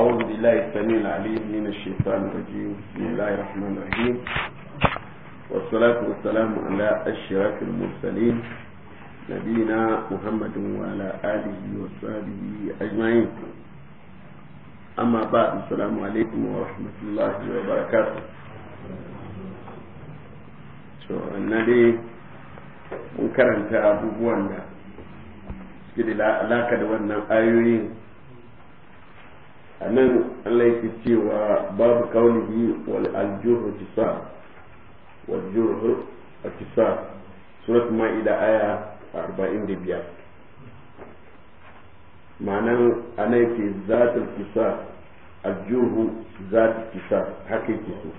أعوذ بالله السميع العليم من الشيطان الرجيم بسم الله الرحمن الرحيم والصلاة والسلام على أشرف المرسلين نبينا محمد وعلى آله وصحبه أجمعين أما بعد السلام عليكم ورحمة الله وبركاته to النبي dai mun karanta abubuwan da suke da alaka da wannan ayoyin a nan Allah yake cewa babu kaulihi wal aljurhu tisar wal jurhu tisar surat ma'ida aya 45 ma'anar ana yake zatul tisar aljurhu zatul tisar haka yake so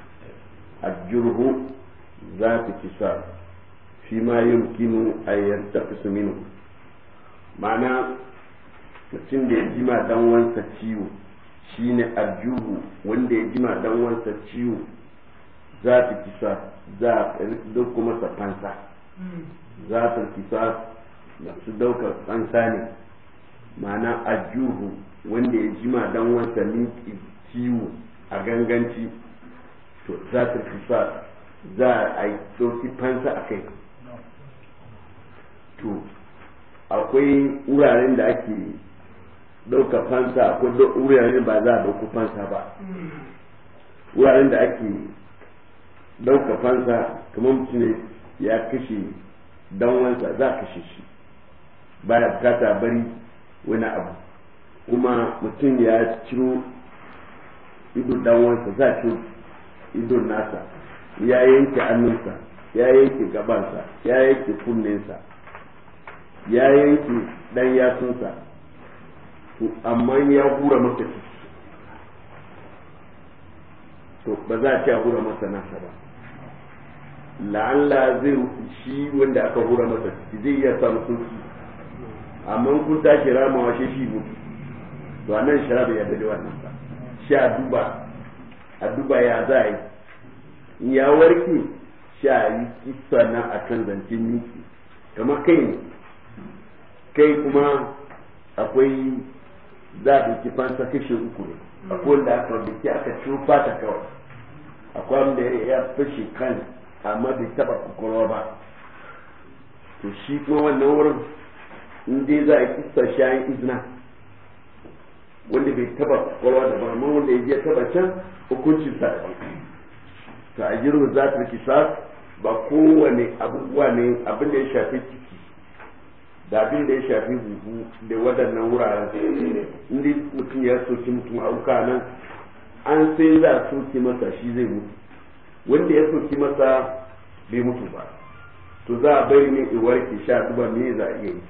aljurhu zatul tisar shi ma yumkinu a yantaqisu minhu ma'ana mutum da ya jima dan wansa ciwo shine aljuhu wanda ya jima dan wansa ciwo za ta kisa za a duk kuma fansa za ta kisa su daukar fansa ne ma'ana aljuhu wanda ya jima dan wansa miki ciwo a ganganci to za ta kisa za a yi ɗauki fansa a kai to akwai wuraren da ake dauka fansa ko wuraren ba za a dauka fansa ba wuraren da ake dauka fansa kamar mutum ne ya kashe danwansa za a kashe shi ya bukata bari wani abu kuma mutum ya ciro ido danwansa za a ciro ido nasa ya yanke annunsa ya yanke gabansa ya yanke kunnensa ya yanke dan yasunsa amma ya hura masa to ba za a ce a hura masa nasa ba la'alla zai shi wanda aka hura masa zai iya samu sunki amma kun kira ma shi shi mu to anan shara bai yarda da wannan ba shi a duba a duba ya za a yi ya warke sha yi kisa na a kan zancen miki kamar kai kai kuma akwai za a ɗauki fansa kashe uku ne akwai wanda aka biki aka ciwo fata kawai akwai wanda ya fashe kan amma bai taba kukurwa ba to shi kuma wannan wurin in dai za a kisa shi an izina wanda bai taba kukurwa da ba wanda ya je taba can hukuncin sa to a jirgin za ta kisa ba kowane abubuwa ne abin da ya shafi da abin da ya shafi buhu da waɗannan wuraren inda mutum ya soki mutum auka nan an sai za a soki masa shi zai mutu wanda ya soki masa bai mutu ba to za a bai ne ke sha duba me za a iya yi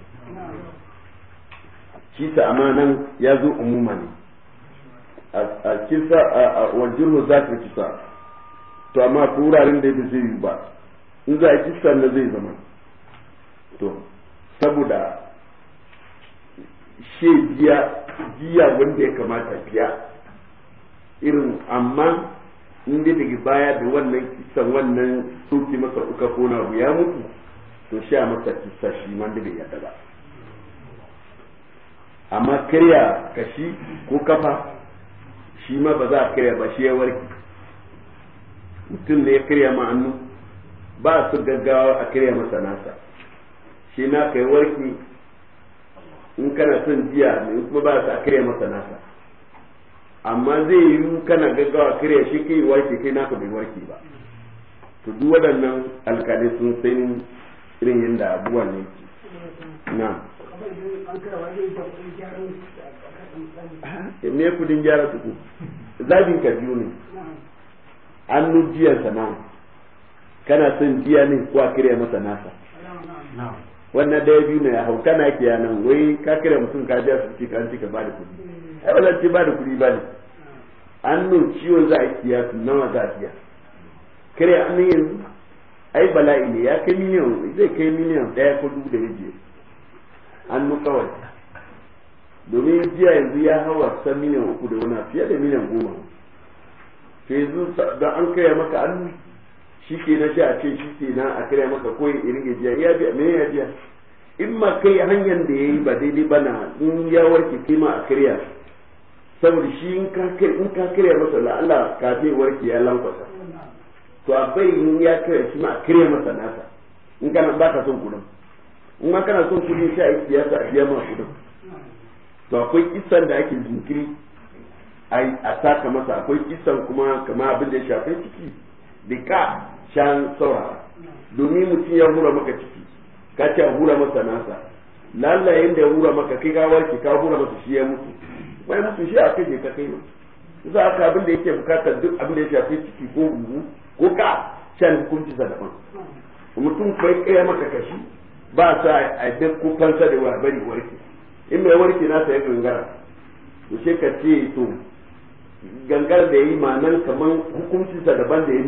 shi ta amanan ya zo umuma ne a kisa a wajen za ka kisa to amma ko wuraren da ya zai yi ba in za a kisa na zai zama to saboda she biya biya wanda ya kamata biya irin amma in dai daga baya da wannan kisan wannan soke masa uka kona ya mutu to sha masa kisa shi ma da bai yadda ba amma karya kashi ko kafa shi ma ba za a karya ba shi ya warke mutum ne ya karya ma hannu ba su gaggawa a karya masa nasa shi na kai warki in kana son jiya in kuma ba sa kare masa nasa amma zai yi kana gaggawa kare shi kai warki kai naka bai warki ba to duk waɗannan alkali sun san irin yadda abubuwan ne na eh, me kudin gyara tuku zabin ka biyu ne an nu jiyan sana kana son jiya ne kuwa a masa nasa wannan daya biyu ne hau na ke yanan wai ka kira mutum ka jiya su ce ka ce ka ba da kuɗi ai ba ce ba da kuɗi ba ne an nun ciwo za a yi su nawa za a biya kare an yanzu ai bala'i ne ya kai miliyan zai kai miliyan ɗaya ko dubu da je an nun kawai domin jiya yanzu ya hau a san miliyan uku da wani fiye da miliyan goma to yanzu da an kai maka an shi ke na shi a ce shi ke na a kira maka koyi irin ya jiya ya biya me ya jiya in ma kai hanyar da ya yi ba daidai ba na in ya warke kai ma a kira saboda shi in ka kira masa la'ala ce warke ya lankwasa to a bai in ya kira shi ma a kira masa nasa in kana ba ka son kudin in ma kana son kudin sai a yi siyasa a biya ma kudin to akwai kisan da ake jinkiri a saka masa akwai kisan kuma kama abin da ya shafe ciki bika shan saurara domin mutum ya hura maka ciki ka ce hura masa nasa lalla da ya hura maka kai ka warke ka hura masa shi ya mutu wai mutu shi a kai ne ka kai ne za aka abin da yake bukatar duk abin da ya shafi ciki ko gugu ko ka shan hukunci sa daban mutum kai kai maka kashi ba sa a duk ko fansa da bari warke in mai warke nasa ya gangara to sai ka ce to gangar da ya yi manan kamar hukuncinsa daban da ya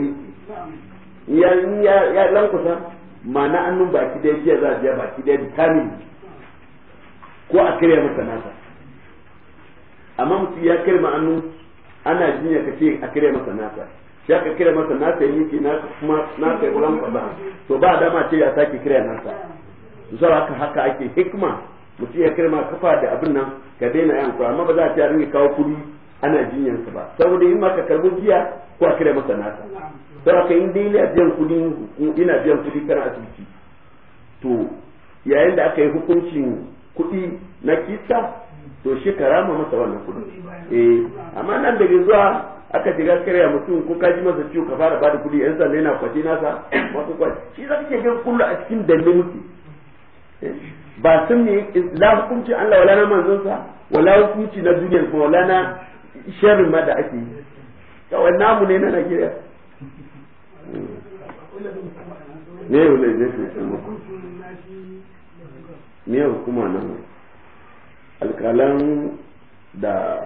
miki ya lankusa mana annun baki da jiya za a biya baki da kani ko a karya masa nasa amma mutum ya ma annun ana jinya ka ce a karya masa nasa shi aka kira masa nasa yi ke nasa kuma nasa yi lankwasa to ba dama ce ya sake kira nasa zuwa haka haka ake hikma mutum ya kira ma kafa da abin nan ka daina yan amma ba za a ce a ringa kawo kuri. ana jinyansa ba saboda in maka karbi jiya ko a kira masa nasa don haka in dai ina biyan kudi ina biyan kudi kana asibiti to yayin da aka yi hukuncin kudi na kisa to shi karama masa wannan kudi eh amma nan da zuwa aka shiga karya mutum ko kaji masa ciwo ka fara bada kudi yan sanda yana kwace nasa masu kwace shi za ka ke gan kullu a cikin dalle muke ba sun ne la hukunci Allah wala na manzon sa wala hukunci na duniya kuma wala na sharri ma da ake yi kawai namu ne na Najeriya ne yau ne zai fi sama ne yau kuma nan alkalan da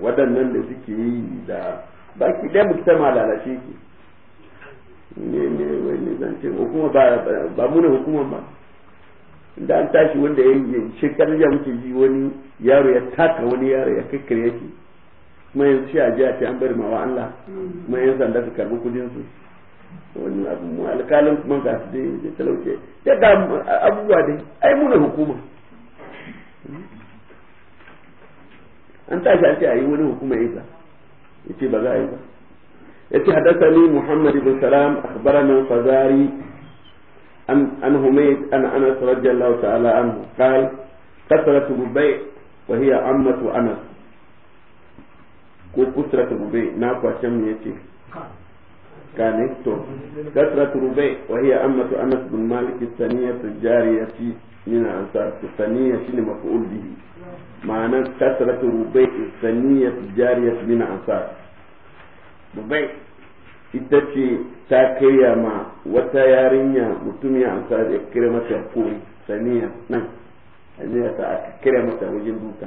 waɗannan da suke yi da baki ɗaya mukitama lalace ke ne ne zan ce hukuma ba mu ne hukuma ba da an tashi wanda ya yi shekarun ya wuce ji wani yaro ya taka wani yaro ya kakkare yake kuma yanzu ci a ji a ce an bari mawa Allah kuma yan sanda su karbi kudin su wani abu mu alkalin kuma ga su dai da talauce ya ga abubuwa dai ai muna hukuma an tashi an ce a yi wani hukuma ya ga ya ce ba za a yi ba ya ce haddasani muhammad ibn salam akhbarana fazari an humayt an anas radiyallahu ta'ala anhu qal kasratu bi bai wa hiya ammatu anas ko kusuratu rubai na kwacen mu yace kane to kasratu rubai wa hiya ammatu anas bin malik saniyatu jariyati min ansar saniya shine maf'ul bihi ma'ana kasratu rubai saniyatu jariyati min ansar rubai ita ce ta karya ma wata yarinya mutum ya amsa da kira mata kuri saniya nan saniya ta kira mata wajen duka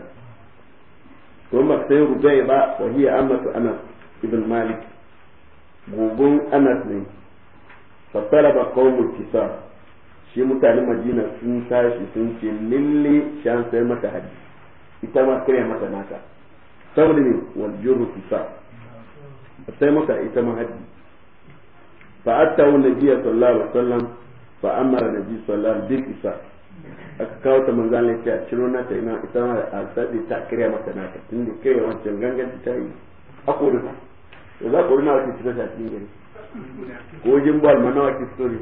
ثم سير ba وهي أمة أنس ابن مالك gogon anas ne fatalaba qawmul kisar shi mutanen madina sun tashi sun ce lalle shan sai mata haji ita ma kare mata naka saboda ne wal jurru kisar sai mata ita ma haji fa atta wa nabiyyu sallallahu alaihi wasallam fa amara nabiyyu sallallahu alaihi wasallam bi aka kawo ta manzan lafiya a ciro na ta ina ita ma asadi ta kirya mata na ta tun da kire wancan gangan ta yi akuri da za ku rina wata fita ta cikin gari ko jin bal mana wata fito ne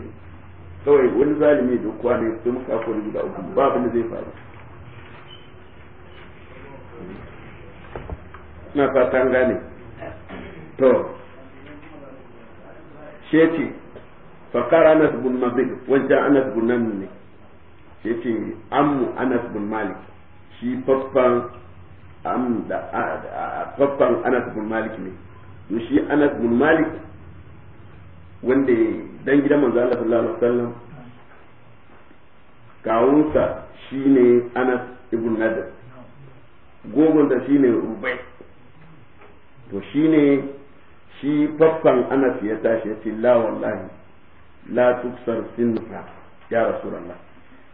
kawai wani zalimi da kuwa ne su muka ko da uku ba abin da zai faru na fatan gane to sheci fakar anas bin mabig wancan anas bun nan ne sai ce ammu anas bin malik shi faffan am da faffan anas bin malik ne to shi anas bin malik wanda dan gidan manzo Allah sallallahu alaihi wasallam kawunsa shine anas ibn nadir da shine rubai to shine shi faffan anas ya tashi ya ce la wallahi la tuksar sinfa ya rasulullah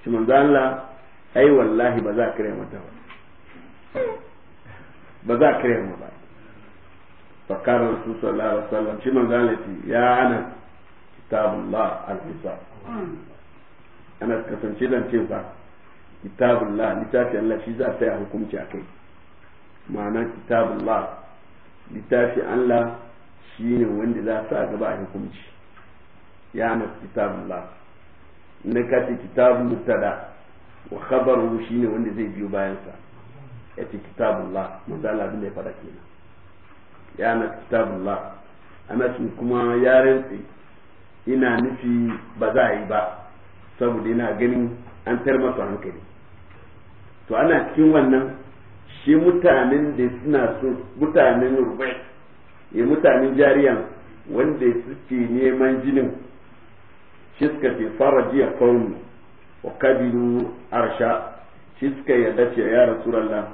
shi manzo Allah ai wallahi ba za a kare mata ba ba za a kare mu ba fakar rasul sallallahu alaihi wasallam shi manzo Allah ce ya ana kitabullah al-hisab ana kasance dan ce fa kitabullah litafi Allah shi za ta yi hukunci akai ma'ana kitabullah litafi Allah shine wanda za sa gaba a hukunci ya ana kitabullah na kace kitabu mutada wa khabaru shine wanda zai biyo bayan sa yace kitabullah manzo bin ya fara kenan ya na kitabullah ana kuma ya rantsi ina nufi ba za a yi ba saboda ina ganin an tar masa hankali to ana cikin wannan shi mutanen da suna so mutanen rubai ya mutanen jariyan wanda suke neman jinin shi fi fara jiya kaunu wa kabiru arsha shi suka yarda ce ya rasulallah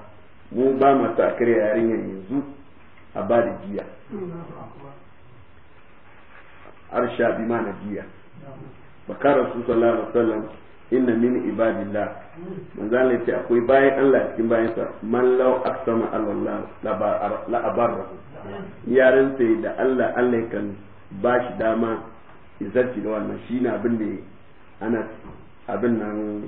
mu ba mu sakar yarinya yanzu a ba da jiya arsha bi ma na jiya baka rasu sallallahu alaihi wasallam inna min ibadillah manzo Allah ce akwai bayan Allah cikin bayansa man law aqsama Allah la abarra yaran sai da Allah Allah kan bashi dama izarci da wannan shi na abin da anas abin nan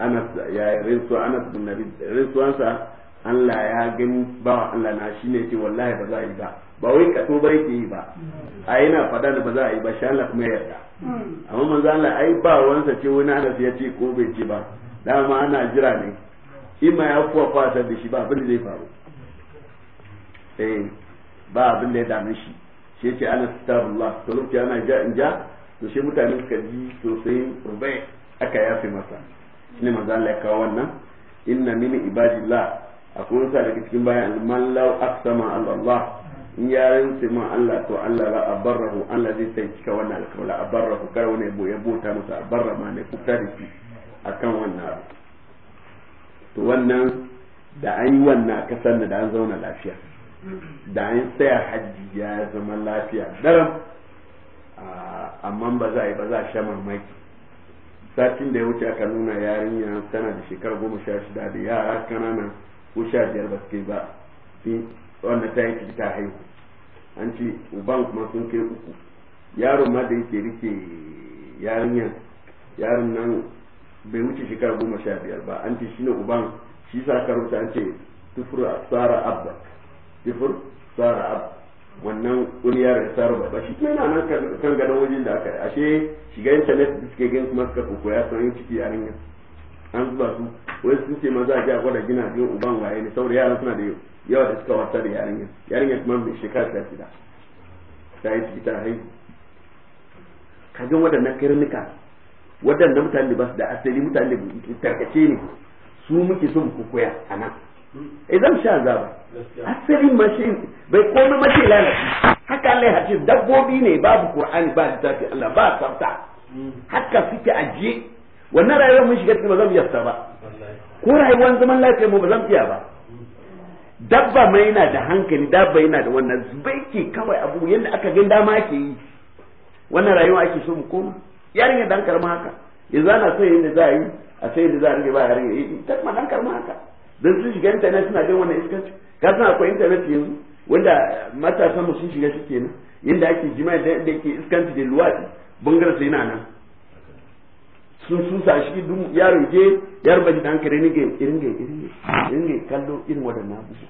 anas ya rinsu anas bin nabi rinsuwansa Allah ya gani bawa Allah na shi ne ce wallahi ba za a yi ba ba wai kaso ba yake yi ba a yana fada da ba za a yi ba sha Allah kuma yarda amma manzo Allah ai ba wansa ce wani anas ya ce ko bai ce ba dama ana jira ne ima ya kuwa kwasa da shi ba abin da zai faru eh ba abin da ya dame shi shi yake ana kitabu Allah to lokaci ana ja in ja to shi mutane suka ji to sai rubai aka yafe masa shine manzo Allah ya kawo wannan inna min ibadillah akwai wata daga cikin bayan man law aqsama Allah in ya rinse man Allah to Allah la abarrahu Allah zai sai cika wannan alƙawari la abarrahu kai wani yabo ya bota masa abarra ma ne ku tare shi akan wannan to wannan da an yi wannan kasan da an zauna lafiya da an tsaya hajji ya zama lafiya daram amma ba za a yi ba za a sha mamaki satin da ya wuce aka nuna yarinya tana da shekara goma sha shida da yara kanana ko sha biyar ba su kai ba wanda ta yi ta haihu an ce uban kuma sun kai uku yaron ma da yake rike yarinyar yarin nan bai wuce shekara goma sha biyar ba an ce shine uban shi sa ka rubuta an ce tufura tsara abba sifur sara ab wannan kuliyar da sara ba shi kuma yana nan kan gadon wajen da aka ashe shiga intanet da suke gani kuma suka koya ya sanin ciki a ringa an zuba su wai sun ce maza a ji a gwada gina biyan uban waye ne saboda yaran suna da yawa da suka wata da yarinya yarinya kuma mai shekara sha shida ta yi ciki ta haihu kajin waɗannan karnuka waɗannan mutane ba su da asali mutane da tarkace ne su muke son ku a nan Idan eh, sha sha ba asalin mashi bai komai mace lalace haka Allah ya hace dabbobi ne babu qur'ani ba littafi Allah ba tsafta hmm. haka suke aje wannan rayuwar mun shiga cikin ba zan iya ba ko rayuwar zaman lafiya mu ba zan iya ba hmm. dabba ma yana da hankali dabba yana da wannan zubai ke kawai abu yadda aka gan dama ke yi wannan rayuwa ake so mu koma Yarin ya dan karma haka yanzu ana so yadda za a yi a sai yadda za a rage ba yi eh, ta kuma dan karma haka don sun shiga intanet suna jin wannan iskanci ka san akwai intanet yanzu wanda matasa mu sun shiga shi kenan yadda ake jima'i da yadda ake iskanci da luwaɗi bangar sai na nan sun sa shi duk yaro je yar baji dan kare ne irin ga irin ga irin ga kallo irin wadannan abubuwa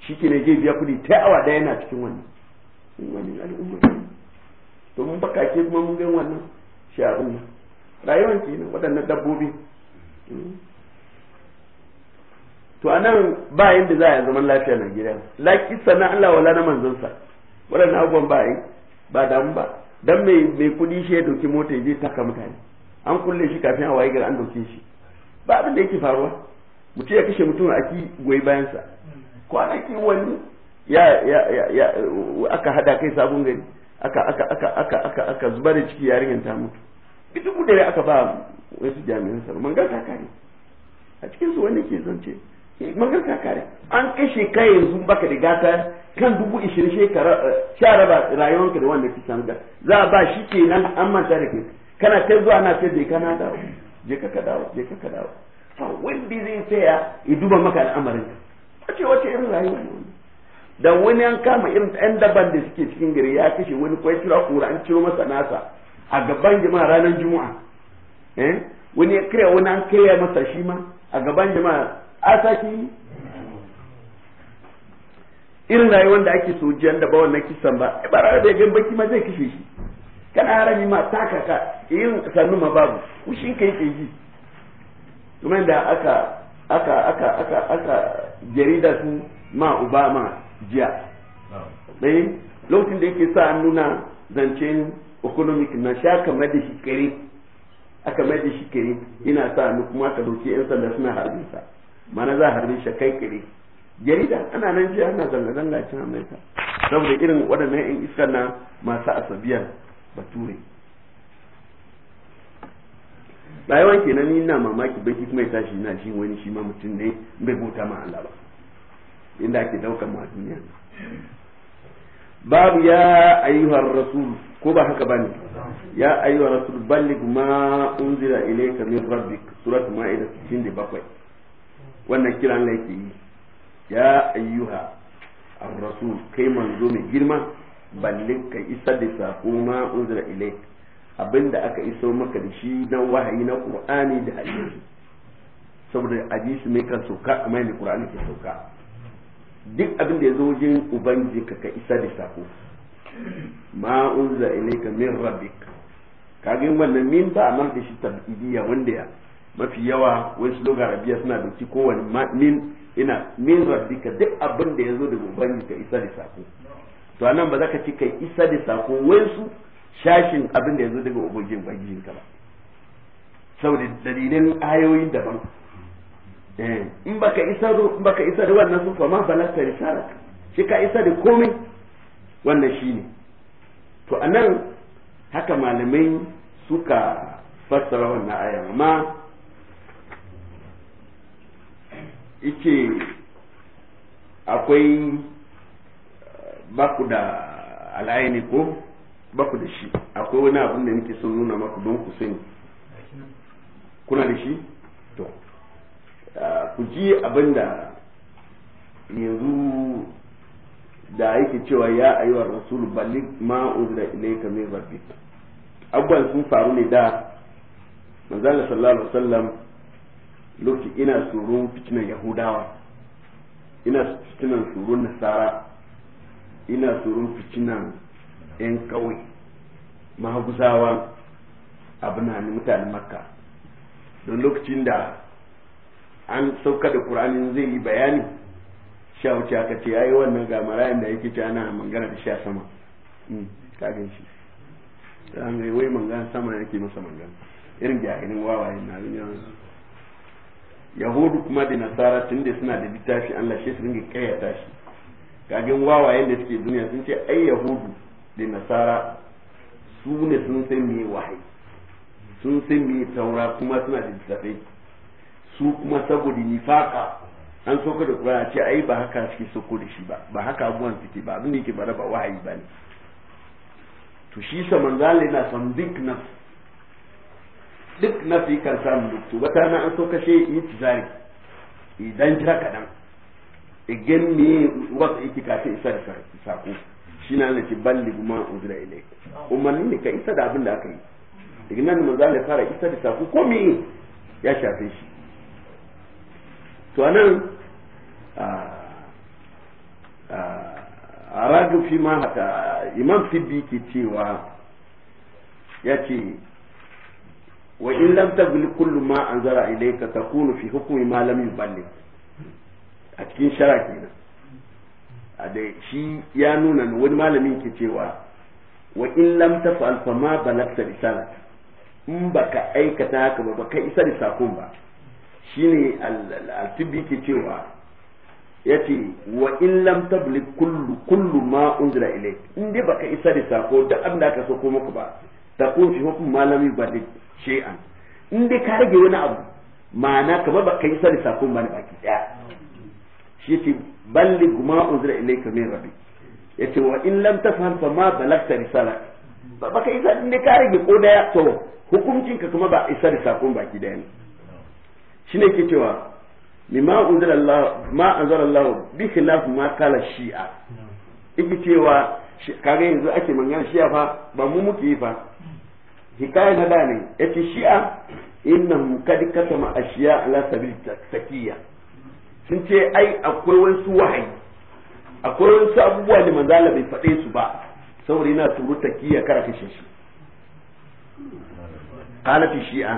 shi ke ne je biya kudi ta awa da yana cikin wannan wani al'umma to mun ke kuma mun gan wannan shi al'umma rayuwar ne waɗannan dabbobi hmm. to a nan ba yadda za a zaman lafiya na gida laki sana Allah wala na manzansa waɗannan abubuwan ba yi ba damu ba dan mai mai kuɗi shi ya doki mota ya je taka mutane an kulle shi kafin a waye an doke shi ba abin da yake faruwa mutum ya kashe mutum a ki goyi bayansa kwanaki wani ya ya ya aka hada kai sabon gari aka aka aka aka aka aka zubar da ciki yarinyar ta mutu duk dare aka ba wasu jami'an tsaro man kaka ne a cikin su wanda ke zance magar kakare an kashe ka yanzu baka da gata kan dubu ishirin shekara eh, sha raba rayuwanka da wanda kisan da za a ba shi ke nan an manta da kai kana ta zuwa na ta je kana dawo je ka dawo je ka dawo to wanda zai tsaya ya duba maka al'amarin ka wace wace irin rayuwa ne da wani an kama irin ɗan daban da suke cikin gari ya kashe wani kwai tura kura an ciro masa nasa a gaban jama'a ranar juma'a eh wani ya kira wani an kira masa shi ma a gaban jama'a asaki irin rayuwar da ake sojiyan da ba wannan kisan ba ibarar da yabin baki ma zai kishe shi kana harami ma ta kaka irin sannu ma babu kushin kai ke yi kuma da aka aka aka aka aka jarida su ma obama jiya ɗaya eh, lokacin da yake sa nuna zancen economic na sha kamar da shi kare aka mai da shi kare ina sa hannu kuma aka dauki yan sanda suna harbin sa mana za a harbe shi kai kiri jarida ana nan jiya ana zanga-zanga a cikin amerika saboda irin waɗannan 'yan iskar na masu asabiya bature bayan kenan ni na mamaki baki kuma ya tashi na shi wani shi ma mutum ne bai bauta ma Allah ba inda ake daukar ma duniya babu ya ayyuhar rasul ko ba haka bane ya ayyuhar rasul balligh ma unzila ilayka min rabbik surat maida 67 wannan kira Allah yake yi ya ayyuha ar-rasul kai manzo mai girma ballin ka isa da sako ma unzira ilaik abinda aka iso maka da shi na wahayi na qur'ani da hadisi saboda hadisi mai kan sauka kuma yadda qur'ani ke sauka duk abin da ya zo wajen ubangiji ka ka isa da sako ma unzira ilaika min rabbik kage wannan min ba amar da shi tabidiya wanda ya mafi yawa wasu loga rabiya suna doki kowane min ina min rabbika duk abin da ya zo daga ubangiji ka isa da sako to anan ba za ka ci kai isa da sako wasu shashin abin da ya zo daga ubangijin ubangijin ka ba saboda dalilin ayoyin daban eh, in baka isa da in baka isa da wannan sun fama balasta risala shi ka isa da komai wannan shine to anan haka malamai suka fassara wannan aya amma ice akwai eh, baku da alayani ko baku da shi akwai wani abin da nake son nuna maku don ku sani kuna da shi to eh, ku ji abin da yanzu da yake cewa ya ayyuwar rasulu balik ma uzra ilayka min rabbik abban sun faru ne da manzala sallallahu alaihi wasallam lokaci ina tsoron fitinan yahudawa ina fitinan tsoron nasara ina tsoron fitinan yan kawai mahaguzawa abin hannun mutanen makka don lokacin da an sauka da ƙuranin zai yi bayani sha wuce aka ce yi wannan ga marayan da yake ci ana mangana da sha sama hmm, ka shi ta hangai wai mangana sama yake masa mangana irin jahilin wawayen na yahudu kuma da nasara tun da suna da littafi Allah shi su ringa kayyata shi kagin wawayen da suke duniya sun ce ai yahudu da nasara su ne sun san me wahayi sun san me taura kuma suna da littafi su kuma saboda nifaka an soka da Qur'ani ce ai ba haka suke soko da shi ba ba haka abubuwan suke ba abin da yake bara ba wahayi ba ne to shi sa manzali na. sandik duk duk fi kan samu duktu wata na an so kashe yi tizari idan jira kadan igin ne wata yake kafin isa da sako shi na nake balli ma uzura ile umarni ne ka isa da abin da aka yi igin nan maza Allah fara isa da sako ko me ya shafe shi to anan a radu fi ma haka imam tibbi ke cewa ya ce wa in lam tabli kullu ma anzara ilayka takunu fi hukmi ma lam yuballi a cikin shara kenan a da shi ya nuna wani malamin ke cewa wa in lam tafal fa ma balagta risalata in baka aikata haka ba baka isa da sakon ba shine al tibbi ke cewa yace wa in lam tabli kullu kullu ma unzila ilayka in dai baka isa da sako da abin da aka ko muku ba takun fi hukm malami badik shay'an in dai ka rage wani abu ma'ana kamar ba ka yi sani sakon ba ne baki daya shi yace balli guma unzira ilayka min rabbi yace wa in lam tafham fa ma balagta risala ba baka isa in dai ka rage ko daya to hukuncin ka kuma ba isa da sakon baki daya ne ne ke cewa mimma uzra Allah ma anzara Allah bi khilaf ma kala shi'a yake cewa kaga yanzu ake magana shi'a fa ba mu muke yi fa hikaya na da ne yace shi'a innahum kad katama ashiya ala sabil takiyya sun ce ai akwai wasu wahayi akwai wasu abubuwa da manzala bai faɗe su ba saboda yana turu takiyya kara kashe shi Kala fi shi'a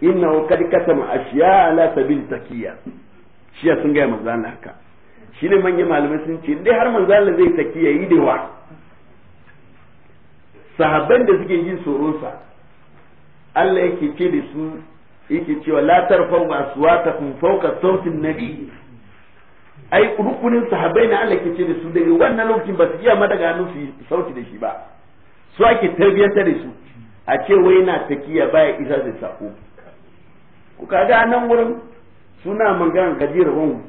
innahu kad katama ashiya ala sabil takiyya shi'a sun ga manzala haka shine manyan malamai sun ce dai har manzala zai takiya yi da wa sahabban da suke yin tsoronsa Allah yake ce da su yake cewa la tarfau kun fauka sautin nabi ai rukunin sahabbai na Allah ke ce da su daga wannan lokacin ba su iya madaga hannu su sauti da shi ba su ake tarbiyyanta da su a ce wai na takiya baya isa da sako ku kaga nan wurin suna maganar gajiyar hun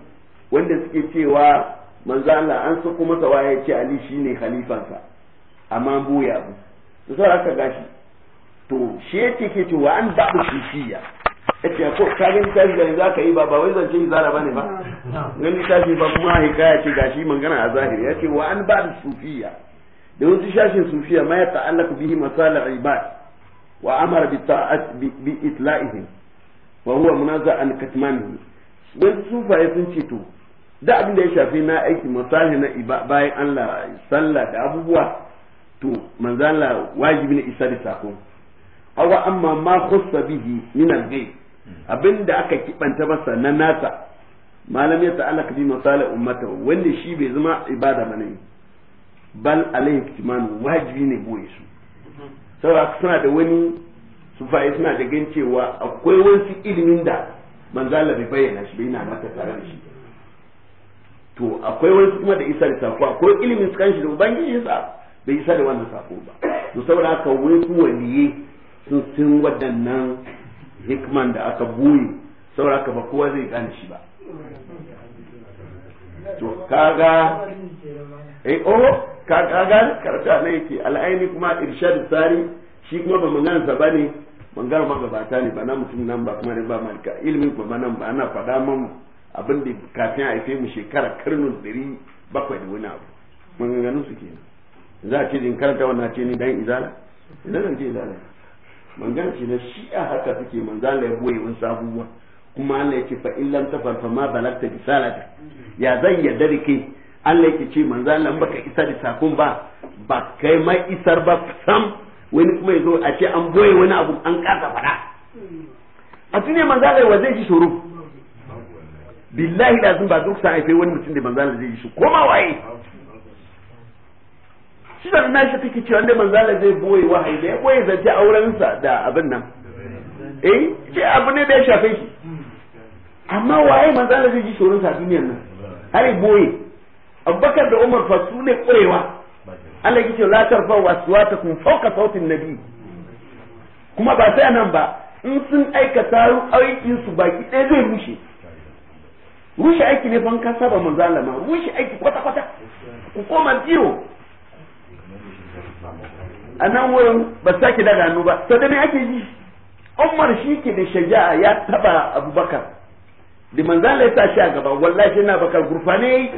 wanda suke cewa manzo Allah an sako masa waye ce Ali shine khalifansa amma buya abu da zuwa aka gashi to shi yake ke ce wa an babu sufiya yace ko ka gani tashi da yanzu zaka yi ba ba wai zance zara bane ba gani tashi ba kuma hikaya ce gashi magana a zahiri yace wa an babu sufiya da wasu shashin sufiya ma ya ta'allaku bihi masalih ibad wa amara bi ta'at bi itla'ihim wa huwa munaza an katmanihi wai sufaye sun ce to da abin da ya shafi na aiki masalih na bayan Allah sallah da abubuwa to manzala wajibi ne isa da sako awa amma ma khussa bihi min al-ghaib hmm. abinda aka kibanta masa na nasa malam ya ta'ala bi masala ummata wanda shi bai zama ibada bane bal alaihi kitman wajibi ne boye su hmm. saboda suna da wani su fa'i suna da gan cewa akwai wani ilimin da manzala bai bayyana shi bai na mata tare da shi to akwai wani kuma da isa da sako akwai ilimin su kan shi da ubangiji sa bai isa da wannan sako ba to saboda haka wai ku waliye sun sun waɗannan hikman da aka buyi saboda haka ba kowa zai gane shi ba to kaga eh oh kaga karta ne yake al'aini kuma irshad sari shi kuma ba magana sa bane magana magabata ne ba na mutum nan ba kuma ne ba malika ilimin kuma nan ba ana fada mun abin da kafin a haife mu shekara karnin dari bakwai da wani abu ganin su kenan za a ce in karanta wannan ce ni dan izala idan zan ce izala mangana ce na a haka suke manzala ya buwa wani sabuwa kuma Allah ya ce fa illan ta farfa ma balagta bisalata ya zan yarda da kai Allah yake ce manzala Allah baka isa da sakon ba ba kai mai isar ba sam wani kuma yazo a ce an boye wani abu an kasa fada a tune manzala Allah wa zai ji shuru billahi lazim ba duk sa fai wani mutum da manzala zai ji shi koma waye shi da na shi take cewa manzo Allah zai boye wahayi da ya boye zance aurensa da abin nan eh ce abu ne da ya shafe shi amma waye manzala zai ji shorin sa duniyar nan hari boye Abubakar da Umar fa ne kurewa Allah yake la tarfa waswatakum fawqa sautin nabi kuma ba sai nan ba in sun aikata aikin su baki ɗaya zai rushe rushe aiki ne ban ka saba manzo ma rushe aiki kwata kwata ku koma zero a nan wurin ba su sake daga hannu ba to da me ake yi. Umar shi ke da shaja'a ya taba Abubakar da manzan ya sa shi a gaba wallahi shi na bakar gurfane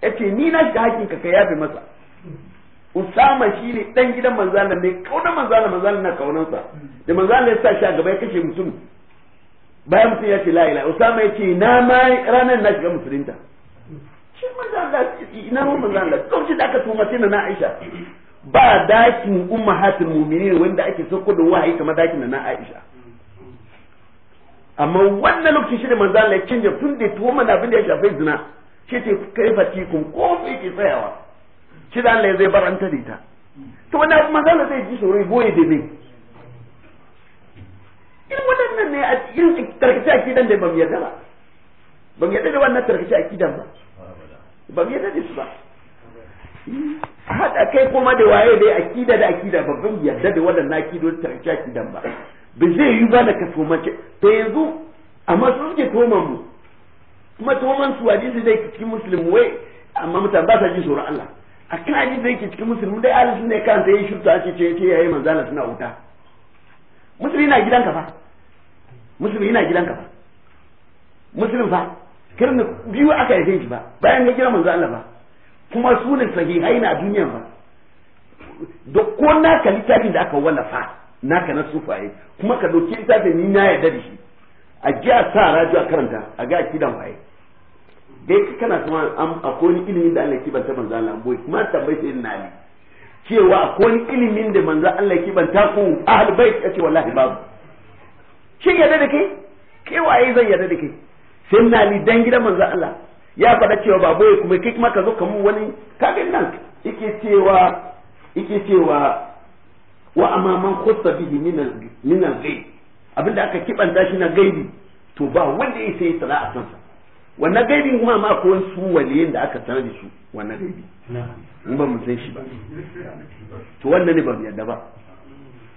ce ni na shiga hakin ka fi masa Usama shi ne dan gidan manzan mai kauna manzan manzan na kaunansa da manzan ya sa shi a gaba ya kashe mutum bayan mutum ya ce la ilaha Usama ya ce na ma ranar na shiga musulunta shi manzan Allah ina manzan Allah kawai da aka tuma sai na Aisha ba dakin ummahatul mu'minin wanda ake sauko da wahayi kamar dakin na Aisha amma wannan lokacin shi da manzo Allah ya canja tun da tuwo mana abin da ya shafi zina shi ce kaifa kun ko me ke tsayawa shi da Allah ya zai baranta ta dita to wannan abu manzo Allah zai ji tsoro boye da me in wannan ne a cikin tarkace akidan da ba mu yarda ba ba mu yarda da wannan tarkace akidan ba ba mu yarda da su ba haɗa kai kuma da waye dai akida da akida babban yadda yarda da waɗannan akidon tarci akidan ba ba zai yi ba da kaso mace to yanzu amma su suke toman mu kuma toman su hadisi dai cikin musulmi wai amma mutane ba sa ji tsoron Allah a kan hadisi zai cikin musulmi dai Allah sun ne kansa yayi shirka ta ce ce yayi manzala suna wuta musulmi na gidanka fa musulmi yana gidanka fa musulmi fa kirin biyu aka yi shi ba bayan ya kira manzo Allah ba kuma su ne sahihai na duniya ba duk ko naka littafin da aka wallafa naka na sufaye kuma ka dauki littafin ni na yarda da shi a ji a sa rajo a karanta a ga kidan waye dai kana kuma akwai ilimin da Allah ya kibanta manzo Allah boye kuma tambayi sai na ne cewa akwai ilimin da manzo Allah ya kibanta ku ahlul bait yace wallahi babu shin yarda da kai kai waye zan yarda da kai sai na ni dan gidan manzo Allah ya faɗa cewa ba boye kuma kai kuma ka zo ka wani kagin nan yake cewa yake cewa wa amaman khussa bihi min al-ghaib abinda aka kibanta shi na gaibi to ba wanda ya sai tsara a kansa wannan gaibin kuma ma ko su waliyin da aka sanar da su wannan gaibi in ba mu san shi ba to wannan ne ba mu yarda ba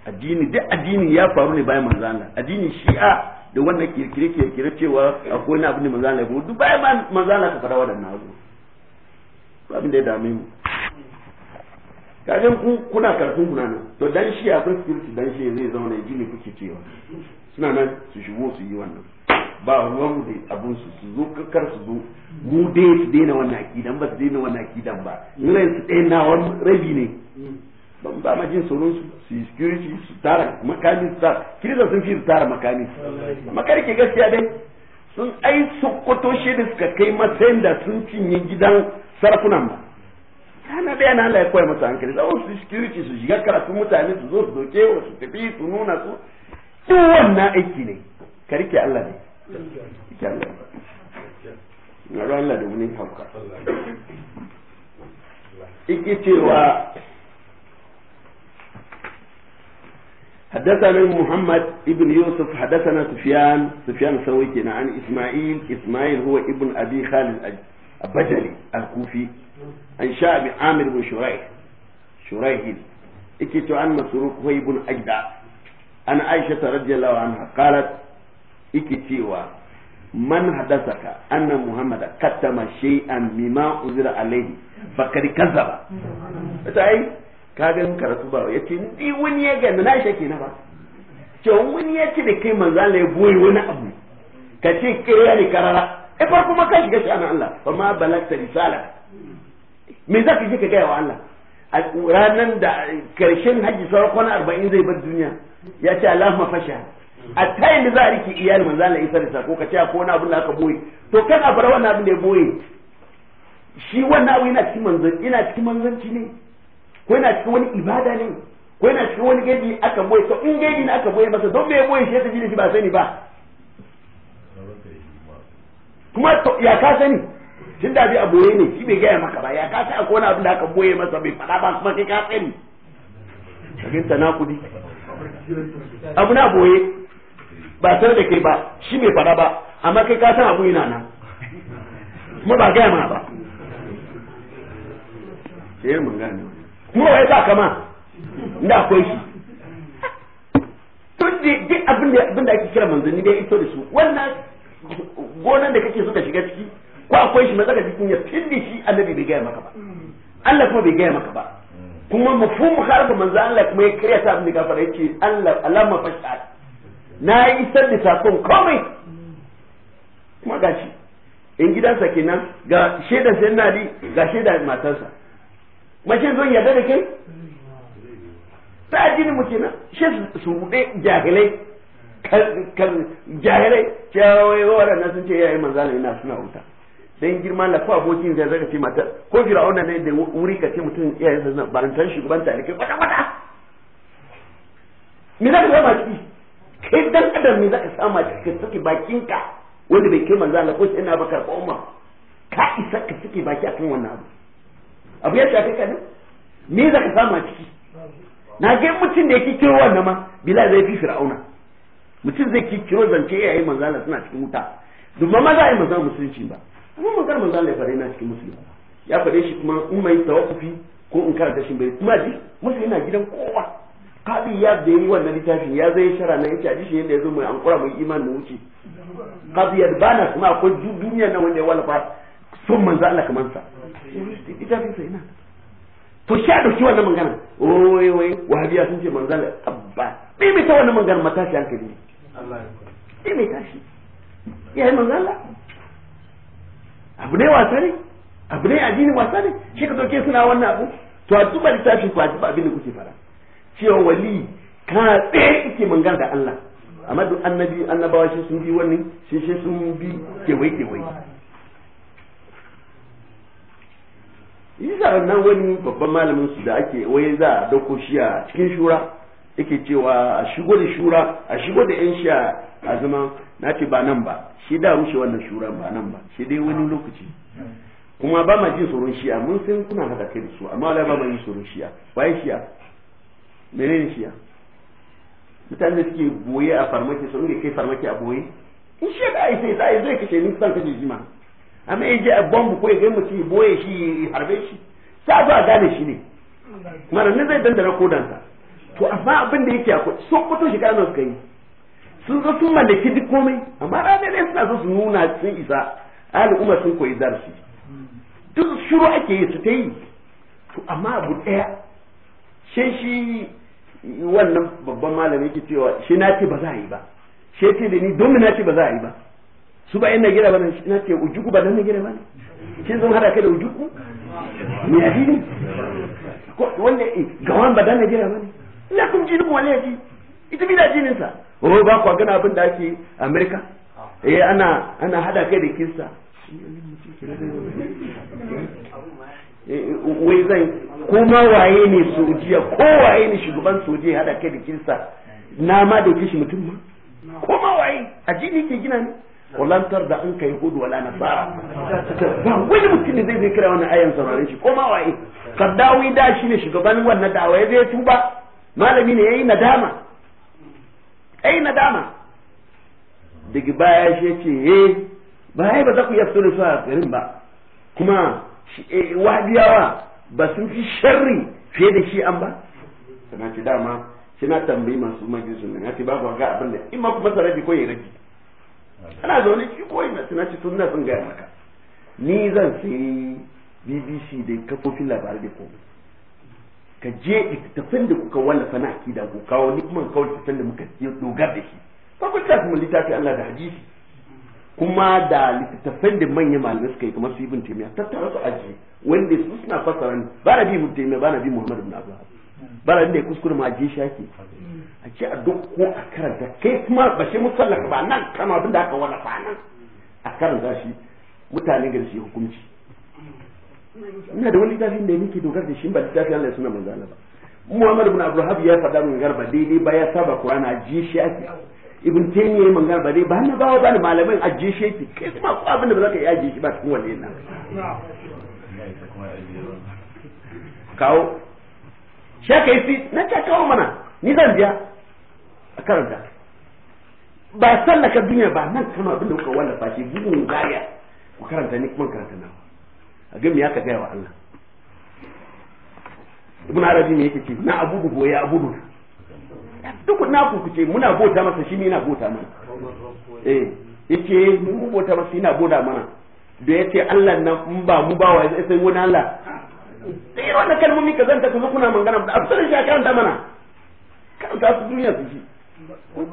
addini duk addini ya faru ne bayan manzo Allah addini shi'a da wannan kirkire kirkire cewa akwai wani abin da manzana ya faɗa duk bayan ba manzana ka fara waɗannan abu ba abin da ya dame mu kajin ku kuna karfin kuna nan to dan shi kun sirki dan shi zai zama ya jini kuke cewa suna nan su shigo su yi wannan ba ruwan mu dai abun su su zo kakar su zo mu dai su daina wannan akidan ba su daina wannan akidan ba yin su daina na wani rabi ne ba ma jin tsoron su su security su tara makami su tara kirista sun fi su tara makami makari ke gaskiya dai sun ai sokoto shi da suka kai matsayin da sun cinye gidan sarakunan ba kana da na Allah ya koya masa hankali zawon su security su shiga karatu mutane su zo su doke wa su tafi su nuna su duk wannan aiki ne ka rike Allah ne rike Allah ne na Allah da wani hauka ike cewa حدثنا محمد ابن يوسف حدثنا سفيان سفيان سويكنا عن إسماعيل إسماعيل هو ابن أبي خالد البجلي الكوفي عن شعب عامر بن شريح شريح اكيت عن مسروق هو ابن أجدع عن عائشة رضي الله عنها قالت اكتيوا من حدثك أن محمد كتم شيئا مما أنزل عليه فقد كذب ka ga karatu ba ya ce ni wani ya ga na shi na ba ce wani ya ce da kai manzo Allah ya boye wani abu ka ce kiriya ne karara e farko ma ka shiga sha'anin Allah fa ma balagta risala me za ka je ka gaya wa Allah ranan da karshen haji sauran kwana arba'in zai bar duniya ya ce Allahumma fasha a ta da za a riki iyali manzo Allah isa da sako ka ce ko wani abin da aka boye to kan a bar wannan abin da ya boye shi wannan abu yana cikin manzanci ne ko yana cikin wani ibada ne ko yana cikin wani gaibi aka boye to in gaibi ne aka boye masa don me boye shi ta ji shi ba sani ba kuma to ya ka sani tun da bi a boye ne shi bai gaya maka ba ya ka sani akwai wani abin da aka boye masa bai faɗa ba kuma kai ka sani kagin ta nakudi abu na boye ba sar da kai ba shi bai faɗa ba amma kai ka san abu yana nan kuma ba gaya ma ba sai mun gane mura wai ba kama da akwai shi tun da duk abin da abin da ake kira manzanni ya ito da su wannan gonan da kake so ka shiga ciki ko akwai shi matsaka cikin ya tilli shi annabi bai gaya maka ba Allah kuma bai gaya maka ba kuma mafhumu harfa manzo Allah kuma ya kare ta abin da gafara yace Allah alama fashal na yi isar da sakon komai kuma gashi in gidansa kenan ga shaidar sayyidina nadi ga shaidar matarsa mace zan yarda da kai ta addini mu kenan shi su rude jahilai kan jahilai cewa waɗannan sun ce yayi manzana ina suna wuta dan girma na ko abokin zai zaka ce mata ko fir'auna ne da wuri ka ce mutum iyayen sa suna barantar shugaban talike kwata kwata me zaka zama ciki kai dan adam me zaka sama ciki ka saki ka wanda bai kai manzana ko sai na bakar ko umma ka isa ka saki baki akan wannan abu abu ya shafe kanin me za ka samu a ciki na ga mutum da ya kiro wannan ma bila zai fi fir'auna mutum zai kiro zance yayi manzala suna cikin wuta dubban ma za a yi manzala musulunci ba kuma manzala manzala ya fara. na cikin musulunci ya fare shi kuma in mai ko in karanta shi bai kuma ji musulunci na gidan kowa kabi ya da yi wannan littafin ya zai shara na yake ajishi yadda ya zo mai ankura mai iman da wuce kabi ya bana kuma akwai duniya na wanda ya wallafa son manzo Allah kamar sa ita fi sai ina to sha dauki wannan magana oye oye wahabiya sun ce manzo Allah abba bi mai ta wannan magana shi hankali ne Allah ya mai shi yayi manzo Allah abu ne wasa ne abu ne addini wasa ne shi ka dauke suna wannan abu to a duba littafin ku a duba abin da kuke fara cewa wali ka tsaye kike magana da Allah amma duk annabi annabawa shi sun bi wannan shi shi sun bi kewaye kewaye isa nan wani babban malamin su da ake wai za a dauko shi a cikin shura yake cewa a shigo da shura a shigo da yan sha a zama na ce ba nan ba shi da rushe wannan shura ba nan ba shi dai wani lokaci kuma ba ma jin tsoron a mun san kuna haka kai da su amma wala ba ma jin tsoron shi'a waye shi'a menene a mutane suke boye a farmaki sun kai farmaki a boye in shi da ai sai sai zai kace ni san kace jima amma in je a bombu ko ya kai mutum boye shi ya harbe shi sai a gane shi ne maranni zai dandana kodansa to amma abin da yake akwai sun fito shekara nawa suka yi sun zo sun mallaki duk komai amma ranar ne suna so su nuna sun isa al'umma sun koyi darasi duk shuru ake yi su ta yi to amma abu ɗaya sai shi wannan babban malami yake cewa shi na ce ba za a yi ba shi ce da ni domin na ce ba za a yi ba su ba ina Najeriya bane ina ce ujuku ba nan Najeriya bane ne kin hada kai da ujuku me yaji ne ko wannan eh, gawan ba dan Najeriya bane ina kun ji duk wani yaji ita bi da jinin sa oh ba ku gana abin da ake America eh ana ana hada kai da kinsa eh, wai zai kuma waye ne sojiya ko waye ne shugaban Saudiya hada kai da kinsa na ma da kishi mutum ma ko ma waye addini ke gina ne kulantar da an kai hudu wala nasara ba wani mutum ne zai zai kira wannan ayan sauraron shi ko ma waye kaddawi da shi ne shugaban wannan da'awa ya zai tuba malami ne yayi nadama ai nadama daga baya shi ce eh ba ai ba za ku iya fito da su a garin ba kuma eh, wadiyawa ba sun fi sharri fiye da shi an ba sana dama shi tambayi masu majalisun nan ya ce babu ga abin da in ma kuma sarabi ko ya rage ana zaune shi koyi na suna ci tun sun gaya maka ni zan sai bbc da kafofin labarai da komai ka je littattafan da kuka wallafa na akida ku kawo ni kuma kawo littattafan da muka dogar da shi ku ta kuma littafi Allah da hadisi kuma da littafin da manyan malamai suka yi kamar su ibn taymiya tattara su aji wanda su suna fasara ba na bi ibn taymiya ba na bi muhammad ibn abdullah ba na da kuskure ma aje shaki a ji a duk ko a karanta kai kuma ba shi musallar ba nan kama abin da aka wani nan a karanta shi mutane ga shi hukunci ina da wani littafin da nake dogar da shi ba littafin Allah suna manzana ba Muhammad ibn Abdul ya faɗa min garba daidai ba ya saba Qur'ana ji shi ake ibn Taymiyyah min garba dai ba na bawa ba ni malamin a ji shi ake kai kuma ko abin da ba za ka yi aji shi ba cikin wannan nan kawo shi aka yi na ta kawo mana ni zan biya a karanta ba sallaka duniya ba nan kama abin da kuka wallafa shi bugun gaya ku karanta ni kuma karanta nawa a gami ya ka gaya wa Allah ibn arabi me yake ce na abudu ko ya abudu duk na ku ce muna bota masa shi ne na bota mana eh yake mun bota masa na bota mana da ce Allah na in ba mu ba wa sai wani Allah sai wannan kalmomi ka zanta kuma kuna magana da absarin shi a karanta mana karanta su duniya su shi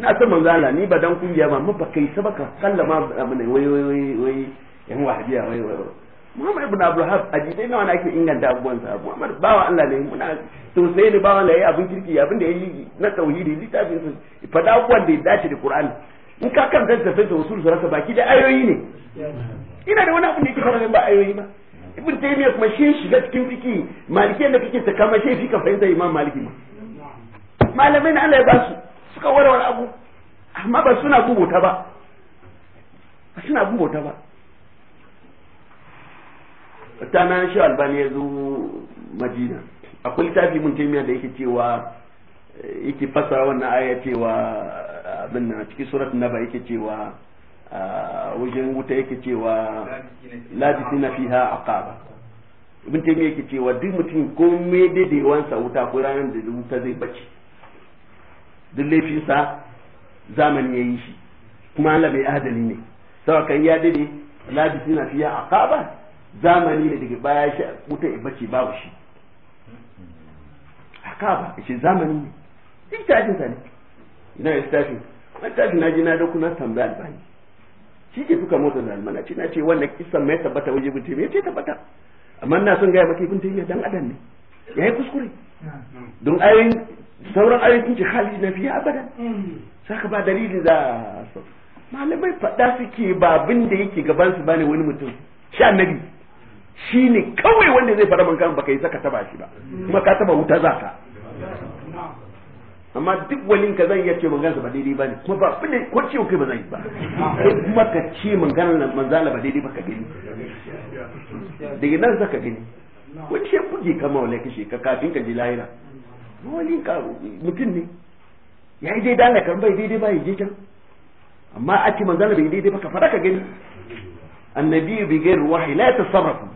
na san manzo Allah ni ba dan kungiya ba mun ba kai sabaka sallama abin wai wai wai wai yan wahabiya wai wai Muhammad ibn Abdul Wahab ajidai nawa ake inganta abubuwan sa Muhammad bawa Allah ne muna to sai ne bawa Allah yayi abin kirki abin da yayi na tauhidi littafin su fada abubuwan da ya dace da Qur'ani in ka kan zanta sai ta usul surasa baki da ayoyi ne ina da wani abu da yake fara ba ayoyi ba ibn Taymiyyah kuma shi shiga cikin fiki maliki da kake ta kama shi fika fahimta Imam Maliki ma malamai na Allah ya basu su suka warware abu amma ba suna gubuta ba ba suna gubuta ba ta nan shi albani ya zo madina akwai littafi mun taimiya da yake cewa eh, yake fassara wannan aya cewa abin nan cikin surat na ba yake cewa wajen wuta yake cewa ladisi labisina fiha aqaba ibn taimiya yake cewa duk mutum ko me daidawansa wuta ko ranar da wuta zai bace duk sa zamani ya yi shi kuma Allah bai adali ne sawa kan ya dade labi suna fiya a kaba zamani ne daga baya shi wuta ya bace babu shi a kaba ya zamani ne duk tashinsa ne ina ya tashi wani tashi na ji na da kuna tambaya albani shi ke suka motsa da almana ce na ce wannan kisan mai tabbata waje bin taimiyya ce tabbata amma na son gaya maka ibn taimiyya dan adam ne ya yi kuskure hmm. don ayin sauran ayyukan ce hali na fiye abada hmm. saka ba dalili za so malamai faɗa suke ba abin da yake gaban su bane wani mutum shi annabi shi ne kawai wanda zai fara man kan baka yi saka taba shi ba kuma ka taba wuta za ka amma duk walin ka zan iya ce mangansa ba daidai ba ne kuma ba abin da ko ce kai ba zan yi ba ko kuma ka ce nan manzala ba daidai ba ka gani daga nan za ka gani wani shi buge kama wale kashe ka kafin ka ji lahira wani mutum ne ya yi daidai daidai ba ya je amma a bai daidai ba ka fara ka gani annabi bi la tasarrafu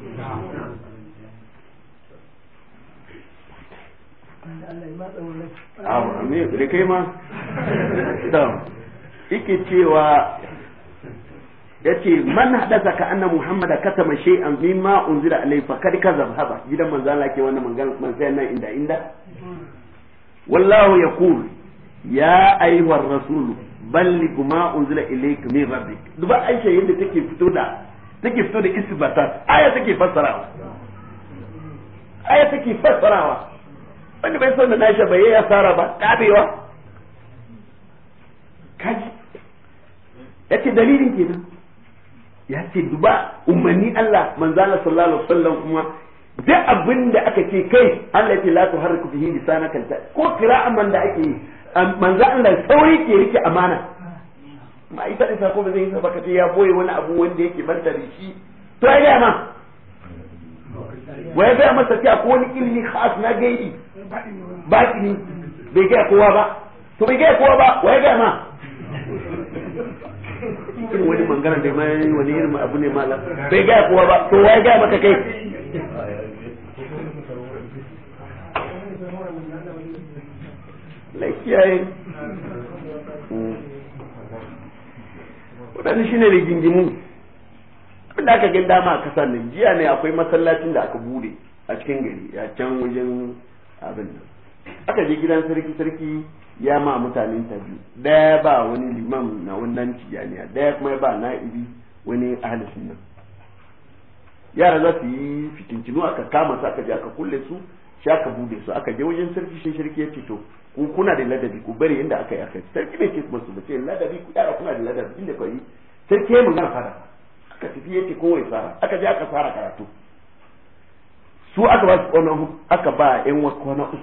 da kai ma da cewa ka anna muhammada katama shay'an mimma unzila alayhi fa kad kazab haba gidan manzala ke wannan nan inda inda wallahu yaqul ya ayyuhar rasul balligh ma unzila ilayka min rabbik duba aisha yadda take fito da take fito da isbatat aya take fassarawa aya take fassarawa wanda bai san da nasha bai ya asara ba kabewa kaji yace dalilin kenan ya ce duba umarni Allah manzala sallallahu alaihi wasallam kuma duk abin da aka ce kai Allah ya ce la tuharriku bihi lisanaka ko qira'an man da ake yi manzo Allah sauri ke rike amana ma ita da sako ba zai yi ce ya boye wani abu wanda yake banta da shi to ai da ma waye ga masa cewa ko wani ilmi khas na gaidi ni. bai ga kowa ba to bai ga kowa ba waye ga ma wani mangana da mai wani irin abu ne mala bai ga kowa ba to waye ga maka kai lakiyaye waɗanda shi ne da abinda aka gani dama a ƙasar nan jiya ne akwai masallacin da aka bude a cikin gari a can wajen abin nan aka je gidan sarki sarki ya ma mutanen tabi daya ba wani liman na wannan tijaniya daya kuma ba ba ibi wani ahalisun nan yara za su yi fitintinu aka kama su aka je aka kulle su shi aka bude su aka je wajen sarki shi sarki ya ce to ku kuna da ladabi ku bari inda aka yi aka sarki bai ce musu ba ce ladabi ku yara kuna da ladabi inda ku yi sarki ya magana fara aka tafi yake kowai fara aka je aka fara karatu su aka ba su kwana aka ba yan kwana uku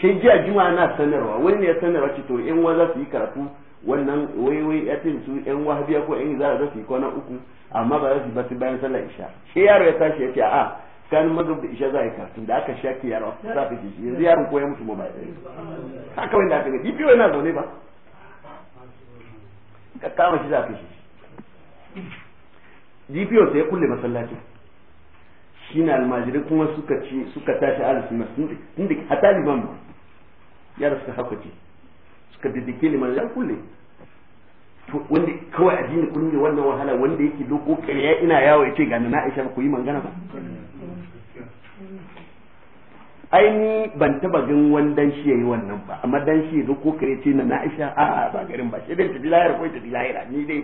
sai jiya juma'a na sanarwa wani ne ya sanarwa ce to yan wa za su yi karatu wannan wai wai ya ce su yan wahabiya ko yan izara za su yi kwana uku amma ba za su ba su bayan sallar isha shi yaro ya tashi ya ce a kan magab da isha za a yi kafin da aka shaki yaro za ta shi yanzu yaron ko ya mutu ma ba haka wanda aka ga bibi na zaune ba ka kama shi za ka shi GPO sai ya kulle masallaci shi na almajiri kuma suka ci suka tashi alisu masu tun da hatta liman ba yara suka haukace suka diddike ni manzan kulle to wanda kawai addini kun ne wannan wahala wanda yake doko ƙarya ina yawo yace ga na Aisha ku yi magana ba ai ni ban taba gan wani shi yayi wannan ba amma dan shi zo ko kare ce na Aisha a a ba garin ba shi dai tafi lahira ko tafi lahira ni dai